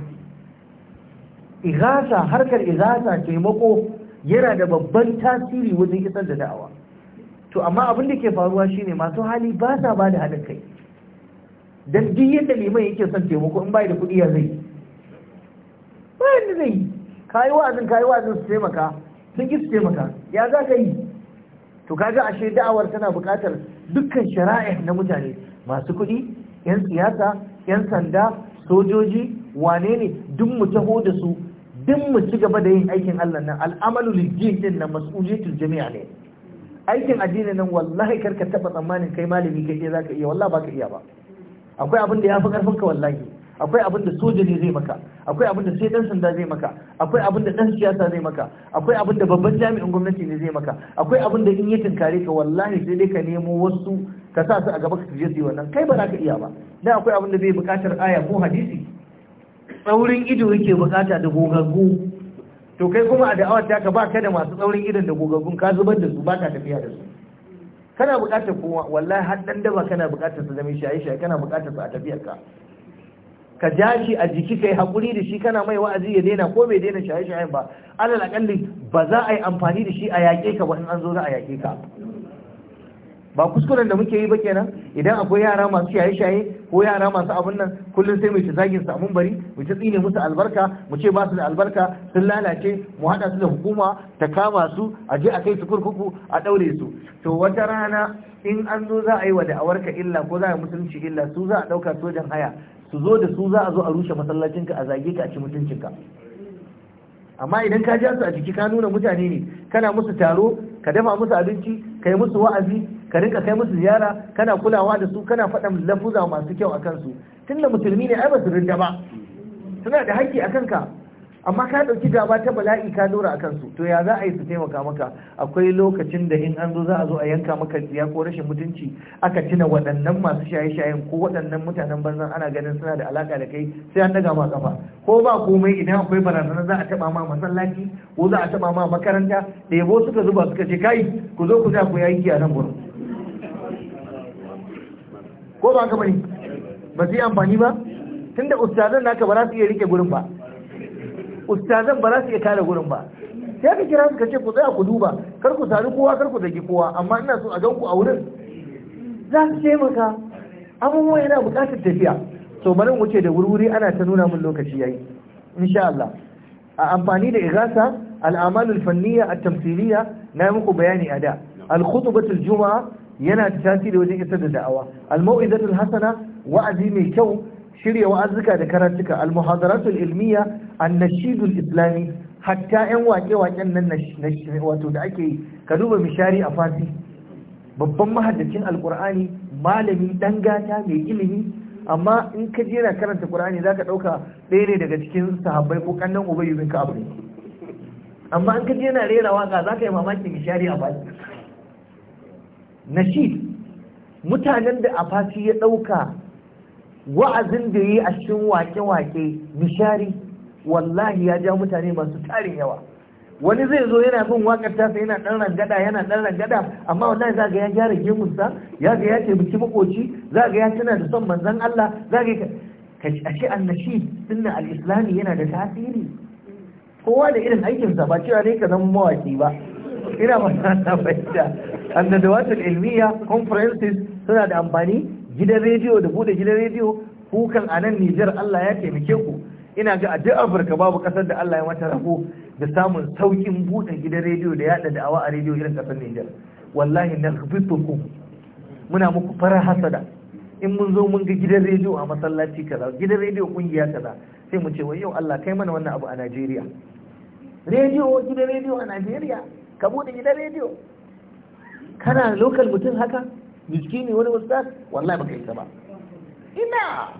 igasa harkar igasa taimako yana da babban tasiri wajen isar da da'awa to amma abin da ke faruwa shine masu hali ba sa ba da haɗin kai dan duk yadda liman yake son taimako in bai da kuɗi ya zai ba yadda zai yi kayi wa'azin kayi wa'azin su taimaka sun ki su taimaka ya za ka yi to kaga ashe da'awar tana buƙatar dukkan shari'a na mutane masu kuɗi 'yan siyasa 'yan sanda sojoji wane ne duk mu taho da su duk mu ci gaba da yin aikin Allah nan al'amalu lijin na nan mas'uliyatul jami'a ne aikin addini nan wallahi karka taɓa tsammanin kai malami kai za ka iya wallahi ka iya ba akwai abin da fi ƙarfin ka wallahi akwai abin da soja ne zai maka akwai abin da sai dan sanda zai maka akwai abin da dan siyasa zai maka akwai abin da babban jami'in gwamnati ne zai maka akwai abin da in ya tinkare ka wallahi sai dai ka nemo wasu ka sa su a gaba ka je wannan kai ba za ka iya ba dan akwai abin da zai buƙatar aya ko hadisi tsaurin ido yake buƙata da gogaggu to kai kuma a da'awar ta ka ba ka da masu tsaurin idon da gogaggun ka zubar da su ba ka tafiya da su kana buƙatar kowa wallahi har dan daba kana buƙatar su zama shaye shaye kana buƙatar su a tafiyar ka ka ja shi a jiki kai hakuri da shi kana mai wa'azi ya daina ko bai daina shaye-shayen ba alal ba za a yi amfani da shi a yaƙe ka ba in an zo za a yaƙe ka ba kuskuren da muke yi ba kenan idan akwai yara masu shaye-shaye ko yara masu abin nan kullum sai mu ci zagin su mun bari mu ci tsine musu albarka mu ce ba su da albarka sun lalace mu hada su da hukuma ta kama su a je a kai su kurkuku a daure su to wata rana in an zo za a yi wa da'awar ka illa ko za a musulunci illa su za a dauka sojan haya su zo da su za a zo a rushe masallacinka a zage ka a ci mutuncinka amma idan ka ja su a jiki ka nuna mutane ne kana musu taro ka dafa musu abinci ka yi musu wa'azi ka rinka kai musu ziyara kana kulawa da su kana faɗa lafuza masu kyau a kansu tun da musulmi ne ai ba su rinda ba suna da haƙƙi a kanka amma ka ɗauki gaba ta bala'i ka dora a kansu to ya za a yi su taimaka maka akwai lokacin da in an zo za a zo a yanka maka jiya ko rashin mutunci aka tuna waɗannan masu shaye-shayen ko waɗannan mutanen banzan ana ganin suna da alaƙa da kai sai an daga ma kafa ko ba komai idan akwai barazana za a taɓa ma masallaci ko za a taɓa ma makaranta yabo suka zuba suka ce kai ku zo ku za ku yi a nan gurin ko ba ka bane ba su yi amfani ba tunda ustazan naka ba za su iya rike gurin ba ustazan ba za su iya kare gurin ba sai ka kira su ka ce ku tsaya ku duba kar ku sari kowa kar ku zagi kowa amma ina so a gan ku a wurin za su taimaka abubuwa yana buƙatar tafiya so bari mu wuce da wurwuri ana ta nuna min lokaci yayi insha Allah a amfani da igasa al'amalul fanniya at-tamthiliya na muku bayani a da al juma'a yana da tasiri wajen isar da da'awa al-mau'izatul hasana wa'azi mai kyau shirya wa'azuka da karatuka al-muhadaratul ilmiya annashidul islami hatta yan wake-waken nan wato da ake yi ka duba mishari a fasi babban mahaddacin alkur'ani malami dan gata mai ilimi amma in ka jera karanta qur'ani zaka dauka ɗaya ne daga cikin sahabbai ko kannan ubayyu bin ka'ab ne amma in ka na rera waka zaka yi mamakin mishari a fasi nashid mutanen da a fasi ya dauka wa'azin da yi a cikin wake-wake mishari wallahi ya ja mutane masu tarin yawa wani zai zo yana bin wakar tasa yana dan rangada yana dan rangada amma wallahi za ga ya gyara gemunsa ya ga ya taimaki makoci za ga ya tana da son manzon Allah za ga ka ashe annashi sunna al-islami yana da tasiri kowa da irin aikinsa ba cewa ne ka zama mawaki ba ina ba na fahimta annadawatul ilmiya conferences suna da amfani gidan rediyo da bude gidan rediyo kukan anan Nijar Allah ya taimake ku ina ga a duk afirka babu kasar da allah ya mata rabo da samun saukin buɗe gidan rediyo da yaɗa da'awa a rediyo irin kasar nijar wallahi na ku muna muku fara hasada in mun zo mun ga gidan rediyo a masallaci kaza gidan rediyo kungiya kaza sai mu ce wai yau allah kai mana wannan abu a najeriya rediyo gidan rediyo a najeriya ka buɗe gidan rediyo kana lokal mutum haka ne wani ustaz wallahi baka ta ba ina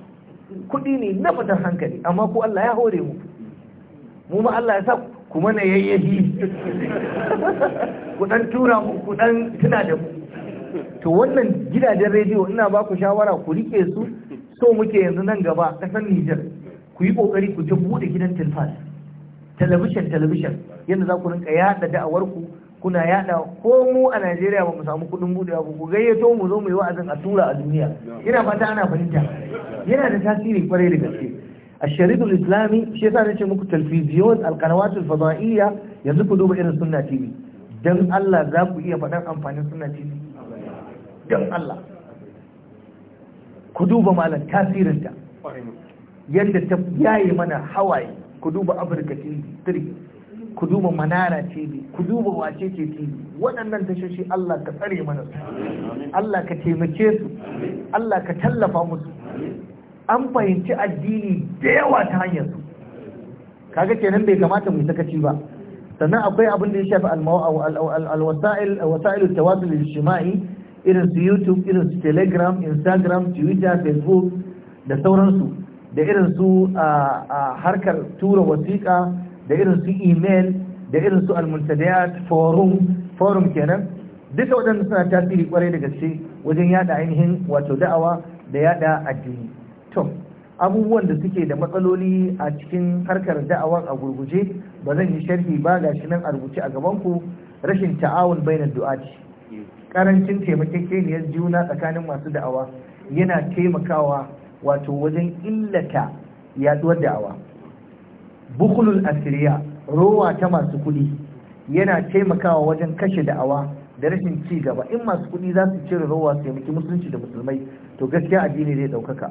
kuɗi ne na fitar hankali amma ko Allah ya hore mu mu ma Allah ya sa ku mana yayyahi ku dan tura mu ku dan tuna da mu to wannan gidajen rediyo ina ba ku shawara ku rike su so muke yanzu nan gaba kasar Nijar ku yi kokari ku ta bude gidan tilfas talabishin talabishin yadda za ku rinka yada da'awar ku kuna yada ko mu a Najeriya ba mu samu kudin bude ba ku gayyato mu zo mu yi wa'azin a tura a duniya ina fata ana fahimta yana da tasiri kwarai da gaske a sharidul islami shi yasa nace muku talfiziyon alqanawatul fadaiya yanzu ku duba irin sunna tv dan Allah za ku iya fadan amfanin sunna tv dan Allah ku duba malam tasirinta yadda ta yayi mana hawaye ku duba afirka tv ku duba manara tv ku duba wace ce tv waɗannan tashoshi Allah ka tsare mana su Allah ka taimake su Allah ka tallafa musu an fahimci addini da yawa ta hanyar su kaga kenan bai kamata mu sakaci ba sannan akwai abin da ya shafi alwasa'il wasa'il tawasul ijtimai irin su youtube irin su telegram instagram twitter facebook da sauransu da irin su a harkar tura wasiƙa da irin su email da irin su almuntadiyat forum forum kenan duka waɗanda suna tasiri kwarai da gaske wajen yada ainihin wato da'awa da yada addini to abubuwan da suke da matsaloli a cikin harkar da'awan a gurguje ba zan yi sharhi ba ga shi nan a rubuce a gabanku rashin ta'awun bainar du'aci karancin taimakekeniyar juna tsakanin masu da'awa yana taimakawa wato wajen illata yaduwar da'awa bukulul asiriya rowa ta masu kuɗi yana taimakawa wajen kashe da'awa da rashin ci gaba in masu kuɗi za su cire rowa su taimaki musulunci da musulmai to gaskiya addini zai ɗaukaka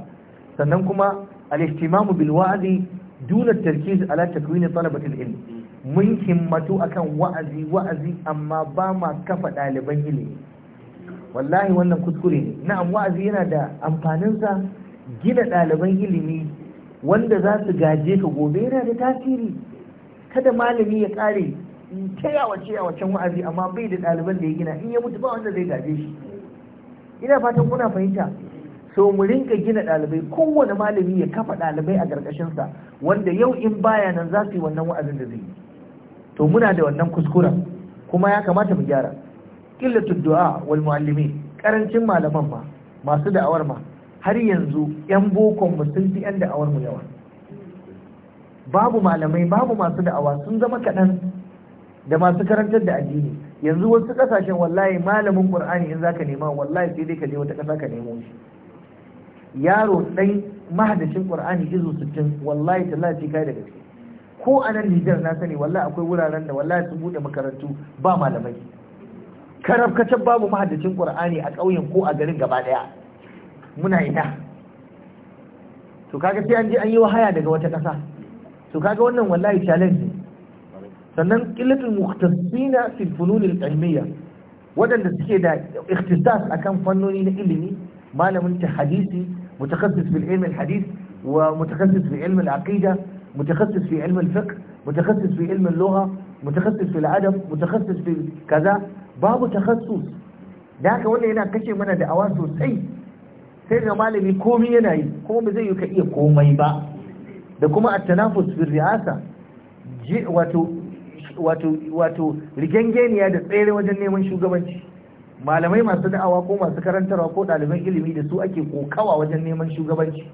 sannan kuma al-ihtimamu bil wa'azi duna tarkiz ala takwini talabatil ilm mun himmatu akan wa'azi wa'azi amma ba ma kafa ɗaliban ilimi wallahi wannan kuskure ne na'am wa'azi yana da amfanin sa. gina ɗaliban ilimi wanda za su gaje ka gobe yana da tasiri kada malami ya kare ta yawace wacen wa'azi amma bai da ɗaliban da ya gina in ya mutu ba wanda zai gaje shi ina fatan kuna fahimta so mu rinka gina ɗalibai kowane malami ya kafa ɗalibai a ƙarƙashinsa wanda yau in baya nan za su yi wannan wa'azin da zai yi to muna da wannan kuskura kuma ya kamata mu gyara killatu du'a wal mu'allimi karancin malaman ma masu da'awar ma har yanzu 'yan bokon mu sun fi 'yan da'awar mu yawa babu malamai babu masu da'awa sun zama kaɗan da masu karantar da addini yanzu wasu ƙasashen wallahi malamin qur'ani in zaka nema wallahi sai dai ka je wata ƙasa ka nemo shi yaro ɗan mahadashin qur'ani izu sittin wallahi tallafi kai da gaske ko a nan Nijar na sani wallahi akwai wuraren da wallahi sun buɗe makarantu ba malamai karafkacin babu mahadashin qur'ani a ƙauyen ko a garin gaba ɗaya muna ina to kaga sai an je an yi wahaya daga wata ƙasa to kaga wannan wallahi challenge ne sannan qillatul mukhtasina fil funun al ilmiya wadanda suke da ikhtisas akan fannoni na ilimi malamin ta hadisi mutakassis bil ilm al hadith wa mutakassis bil ilm al aqida mutakassis fi ilm al fiqh mutakassis fi ilm al lugha mutakassis fil adab mutakassis fi kaza babu takassus da haka wannan yana kashe mana da awa sosai sai ga malami komai yana yi kuma ba zai yi ka iya komai ba da kuma a tanafus fi ri'asa wato wato rigengeniya da tsere wajen neman shugabanci malamai masu da'awa ko masu karantarwa ko ɗaliban ilimi da su ake kokawa wajen neman shugabanci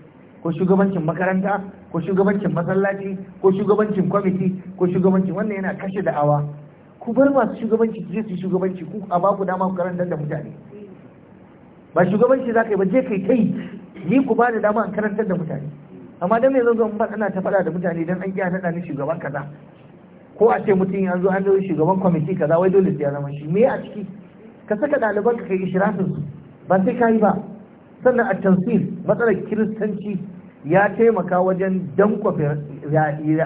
ko shugabancin makaranta ko shugabancin masallaci ko shugabancin kwamiti ko shugabancin wannan yana kashe da'awa ku bar masu shugabanci su je su shugabanci ku a baku dama ku karantar da mutane ba shugabanci za ka yi ba je kai ta yi ni ku ba da dama an karantar da mutane amma dan mai zanzo ba ana ta faɗa da mutane dan an kiya naɗa ni shugaban kaza ko a ce mutum yanzu an zo shugaban kwamiti kaza wai dole sai ya zama shi me a ciki ka saka ɗaliban ka kai ishirafin su ba sai ka yi ba sannan a tansir matsalar kiristanci ya taimaka wajen dankwafe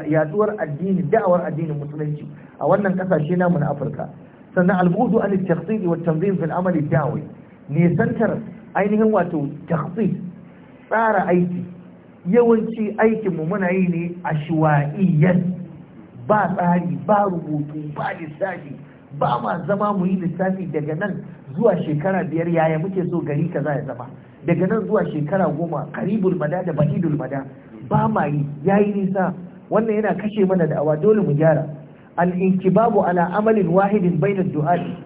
yaduwar addini da'awar addinin musulunci a wannan kasashe namu na afirka sannan albudu an taksiri wa tanzim fil amali da'awi nisantar ainihin wato takhsis tsara aiki yawanci aikinmu muna yi ne a shuwa'iyyar ba tsari ba rubutu ba lissafi ba ma zama mu yi lissafi daga nan zuwa shekara biyar yaya muke so gari kaza ya zama daga nan zuwa shekara goma karibul mada da ba'idul mada ba ma yi yayi nisa wannan yana kashe mana da'awa dole mu gyara al inkibabu ala amalin wahidin bainad du'ati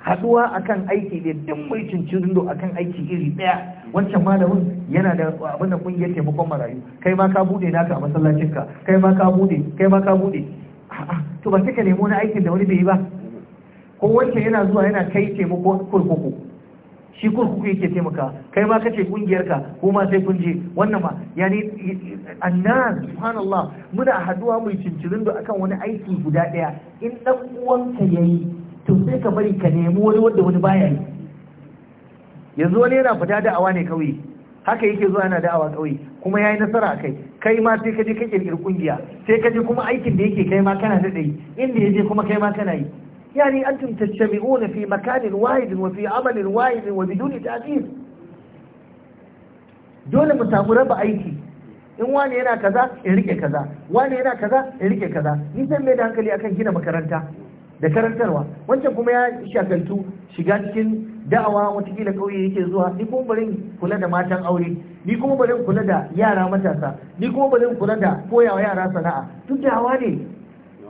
haduwa akan aiki da duk mai rindo akan aiki iri daya wancan malamin yana da abin da yake taimakon marayu kai ma ka bude naka a masallacinka kai ma ka bude kai ma ka bude to ba kika nemo na aikin da wani bai yi ba ko wancan yana zuwa yana kai taimako kurkuku shi kurkuku yake taimaka kai ma kace kungiyarka ko ma sai kun je wannan ma yani annan subhanallah muna haduwa mai cincirindo akan wani aiki guda daya in dan uwanka yayi to sai ka bari ka nemi wani wanda wani baya yi yanzu wani yana fita da'awa ne kauye haka yake zuwa yana da'awa kauye kuma yayi nasara a kai kai ma sai ka je ka kirkiri kungiya sai ka je kuma aikin da yake kai ma kana da dai inda yaje kuma kai ma kana yi yani antum tajtami'una fi makanin wahid wa fi amalin wahid wa biduni ta'zir dole mu samu raba aiki in wani yana kaza in rike kaza wani yana kaza in rike kaza ni zan mai da hankali akan gina makaranta da karantarwa wancan kuma ya shakaltu shiga cikin da'awa watakila ƙauye yake zuwa ni kuma bari kula da matan aure ni kuma bari kula da yara matasa ni kuma bari kula da koyawa yara sana'a duk da'awa ne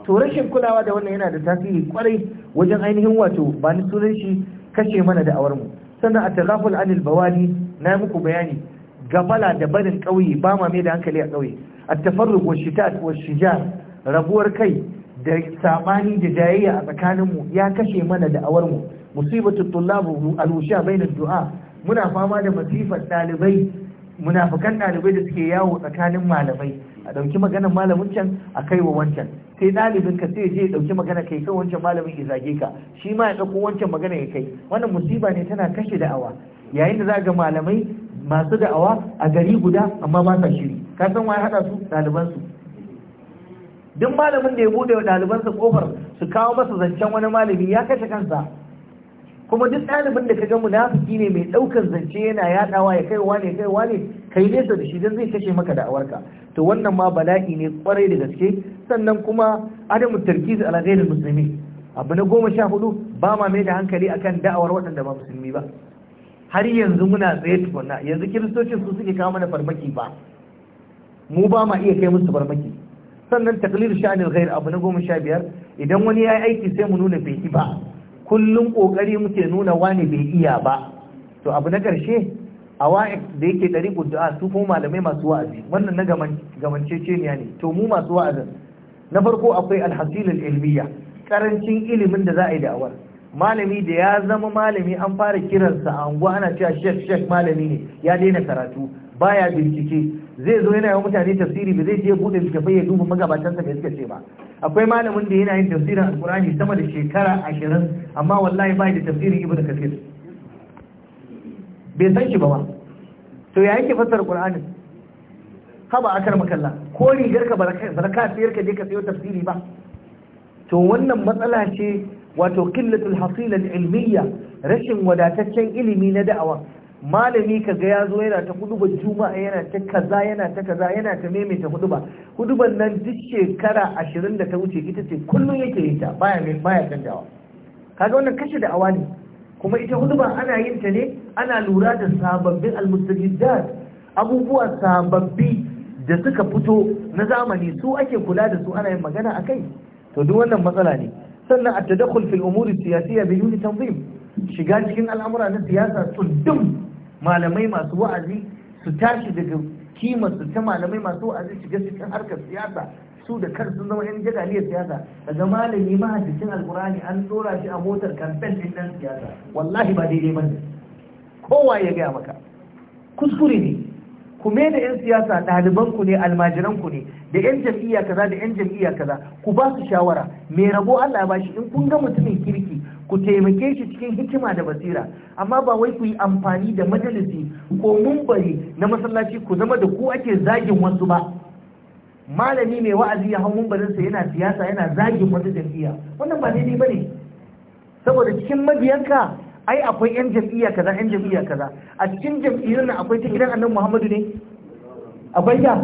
to rashin kulawa da wannan yana da tasiri kwarai wajen ainihin wato ba ni sunan shi kashe mana da'awarmu. awarmu sannan a anil bawali na muku bayani Gabala da barin ƙauye ba ma mai da hankali a ƙauye at tafarruq wa shitat wa shijar rabuwar kai da sabani da jayayya a tsakaninmu ya kashe mana da'awarmu musibatul tullabu al-wusha dua muna fama da masifar dalibai munafikan dalibai da suke yawo tsakanin malamai a dauki maganar malamin can a kai wa wancan sai dalibin ka sai je dauki magana kai kai wancan malamin ya zage ka shi ma ya dauko wancan magana ya kai wannan musiba ne tana kashe da'awa yayin da za ga malamai masu da'awa a gari guda amma ba sa shiri ka san wai hada su su. duk malamin da ya bude wa ɗalibansa kofar su kawo masa zancen wani malami ya kashe kansa kuma duk ɗalibin da ka ga munafiki ne mai ɗaukar zance yana yaɗawa ya kaiwa ne kaiwa ne kai nesa da shi don zai kashe maka da'awarka to wannan ma bala'i ne kwarai da gaske sannan kuma adamu tarkiz ala ghairil muslimin abu na goma sha hudu ba ma mai da hankali akan da'awar waɗanda ba musulmi ba har yanzu muna tsaye tukunna yanzu kiristocin su suke kawo mana farmaki ba mu ba ma iya kai musu farmaki sannan taklilu sha'anil ghair abu na goma sha biyar idan wani ya yi aiki sai mu nuna bai yi ba kullum kokari muke nuna wani bai iya ba to abu na karshe a da yake dari du'a su ko malamai masu wa'azi wannan na gamanceceniya ne to mu masu wa'azin na farko akwai alhasilul ilmiya karancin ilimin da za a yi da'awar malami da ya zama malami an fara kiransa a unguwa ana cewa shek shek malami ne ya daina karatu baya bincike zai zo yana yawan mutane tafsiri ba zai je bude littafai ya duba magabatansa bai suka ce ba akwai malamin da yana yin tafsirin alkurani sama da shekara ashirin amma wallahi bai da tafsirin ibn kasir bai san shi ba ma to ya yake fassara qur'ani haba akar makalla ko rigar ka ka siyar ka je ka sayo tafsiri ba to wannan matsala ce wato qillatul hasila ilmiya rashin wadataccen ilimi na da'awa malami kaga ya zo yana ta ba juma'a yana ta kaza yana ta kaza yana ta maimaita huduba huduban nan duk shekara ashirin da ta wuce ita ce kullum yake yi ta baya mai baya canjawa kaga wannan kashe da awa ne kuma ita huduba ana yin ta ne ana lura da sababbin almustajidat abubuwa sababbi da suka fito na zamani su ake kula da su ana yin magana akai to duk wannan matsala ne sannan at-tadakhul fil umuri siyasiyya yuni tanzim shiga cikin al'amura na siyasa tsundum malamai masu wa'azi su tashi daga kimar su ta malamai masu wa'azi shiga cikin harkar siyasa su da kar sun zama 'yan jagaliyar siyasa daga malami mahajjicin alkurani an dora shi a motar kamfen din dan siyasa wallahi ba daidai ba ne kowa ya gaya maka kuskure ne ku me da 'yan siyasa ɗalibanku ne almajiranku ne da 'yan jam'iyya kaza da 'yan jam'iyya kaza ku ba su shawara mai rabo Allah ba shi in kun ga mutumin kirki ku taimake shi cikin hikima da basira amma ba wai ku yi amfani da majalisi ko mumbari na masallaci ku zama da ku ake zagin wasu ba malami mai wa'azi ya hau mumbarinsa yana siyasa yana zagin wata jam'iyya wannan ba daidai ba ne saboda cikin mabiyanka ai akwai yan jam'iyya kaza yan jam'iyya kaza a cikin jam'iyyar nan akwai ta gidan annabi muhammadu ne akwai ya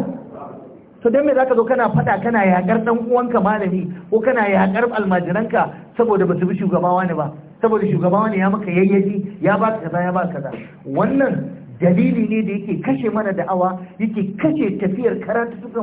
to dan me zaka zo kana fada kana yakar dan uwanka malami ko kana yakar almajiranka saboda ba su bi shugaba ne ba saboda shugaba ne ya maka yayyaji ya ba kaza ya ba kaza wannan dalili ne da yake kashe mana da'awa yake kashe tafiyar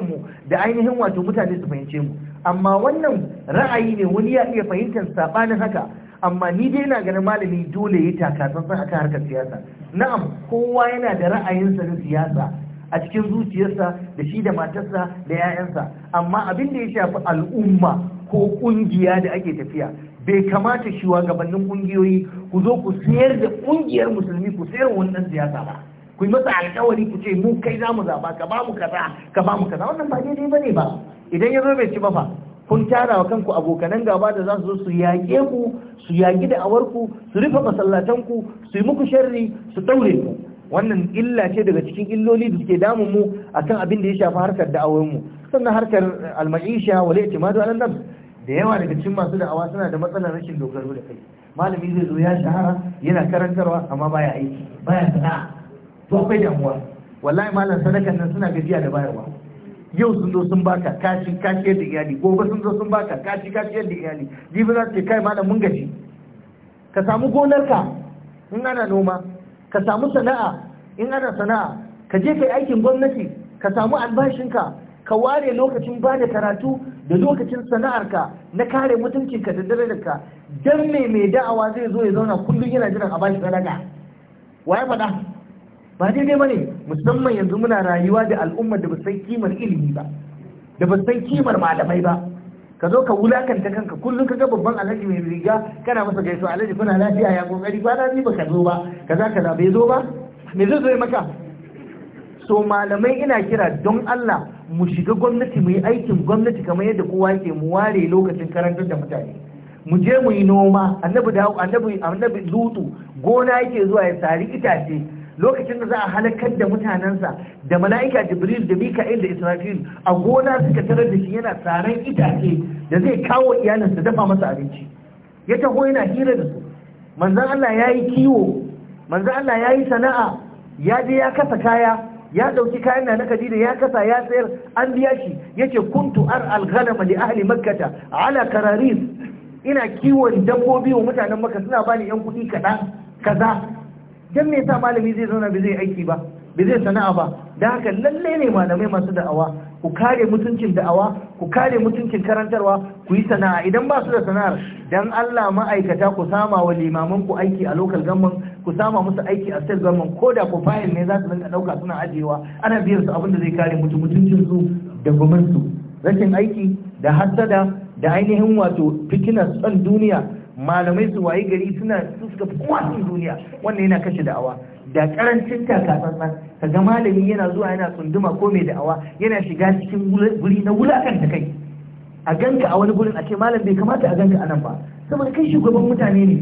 mu da ainihin wato mutane su fahimce mu amma wannan ra'ayi ne wani ya iya fahimtar sabanin haka amma ni dai na ganin malami dole ya taka tsantsan akan harkar siyasa na'am kowa yana da ra'ayinsa na siyasa a cikin zuciyarsa da shi da matarsa da 'ya'yansa amma abin da ya shafi al'umma ko ƙungiya da ake tafiya bai kamata gabanin ƙungiyoyi ku zo ku sayar da ƙungiyar musulmi ku sayar wannan siyasa ba ku yi masa alkawari ku ce mu kai za mu zaba ka ba mu kaza ka ba mu kaza wannan ba daidai bane ba idan ya zo bai ci ba fa kun tara wa kanku abokanan gaba da za su zo su yaƙe ku su yaƙi da awarku su rufe masallatanku su yi muku sharri su ɗaure ku wannan illa ce daga cikin illoli da suke damun mu akan abin da ya shafi harkar da'awar mu sannan harkar almaisha Wale, i'timadu ala da yawa daga cikin masu da'awa suna da matsalar rashin dogaro da kai malami zai zo ya shahara yana karantarwa amma baya aiki baya sana'a to akwai damuwa wallahi malam sadakan nan suna gajiya da bayarwa yau sun zo sun baka kashi kashi yadda iyali gobe sun zo sun baka kashi kashi yadda iyali jibi za su ce kai malam mun gaji ka samu gonarka in ana noma ka samu sana'a in ana sana'a ka je kai aikin gwamnati ka samu albashinka ka ware lokacin ba da karatu da lokacin sana'arka na kare mutuncinka da darajarka dan me mai da'awa zai zo ya zauna kullum yana jiran a bashi sadaka waye faɗa ba daidai bane musamman yanzu muna rayuwa da al'ummar da ba san kimar ilimi ba da ba san kimar malamai ba ka zo ka wulakanta kanka kullum ka ga babban alhaji mai riga kana masa gaisuwa alhaji kuna lafiya ya kokari ba na ba ka zo ba kaza kaza bai zo ba me zai zo maka so malamai ina kira don Allah mu shiga gwamnati mu yi aikin gwamnati kamar yadda kowa yake mu ware lokacin karantar da mutane mu je mu yi noma annabi da annabi annabi lutu gona yake zuwa ya sari itace lokacin da za a halakar da mutanensa da mala'ika jibril da mika'il da israfil a gona suka tarar da shi yana saran itace da zai kawo iyalinsa dafa masa abinci ya taho yana hira da su manzan Allah ya yi kiwo manzan Allah ya yi sana'a ya je ya kasa kaya ya dauki kayan na kadida ya kasa ya sayar an biya shi yace kuntu ar al-ghanam li ahli makkah ala kararis ina kiwon dabbobi wa mutanen makka suna bani yan kudi kada kaza dan me yasa malami zai zauna bai zai aiki ba bai zai sana'a ba dan haka lalle ne malamai masu da'awa ku kare mutuncin da'awa ku kare mutuncin karantarwa ku yi sana'a idan ba su da sana'ar dan Allah ma'aikata ku sama wa limaman ku aiki a local government ku sama musu aiki a state government ko da ku fayil ne za su dinga dauka suna ajiyewa ana biyan su abin da zai kare mutu mutuncin su da gumin su rashin aiki da hasada da ainihin wato fitinar son duniya malamai su wayi gari suna suka fi kowa duniya wannan yana kashe da'awa da karancin nan ka ga malami yana zuwa yana tsunduma ko mai da'awa yana shiga cikin guri na wulakanta kai a ganka a wani gurin a ce malam bai kamata a ganka a nan ba saboda kai shugaban mutane ne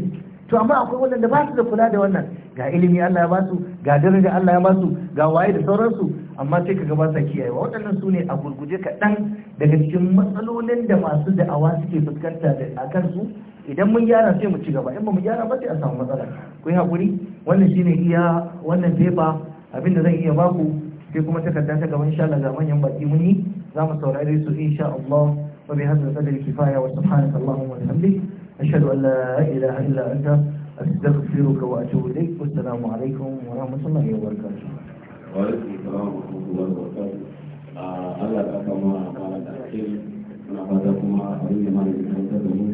to amma akwai waɗanda ba su da kula da wannan ga ilimi Allah ya basu ga daraja Allah ya basu ga waye da sauransu amma sai kaga ba sa kiyayewa waɗannan su ne a gurguje kaɗan daga cikin matsalolin da masu da'awa suke fuskanta da a kansu idan mun gyara sai mu ci gaba in ba mu gyara ba sai a samu matsala ku yi haƙuri wannan shine iya wannan fefa abinda zan iya baku sai kuma takarda ta gaba insha Allah ga manyan baki mun yi za mu saurare su insha Allah wa bi hadda qadri kifaya wa subhanaka allahumma wa bihamdik ashhadu an la ilaha illa anta astaghfiruka wa atubu ilayk assalamu alaikum wa rahmatullahi wa barakatuh wa alaikum assalam wa rahmatullahi wa barakatuh ah, Allah ka kama kana da alheri muna fata kuma abin da malamin kan da mu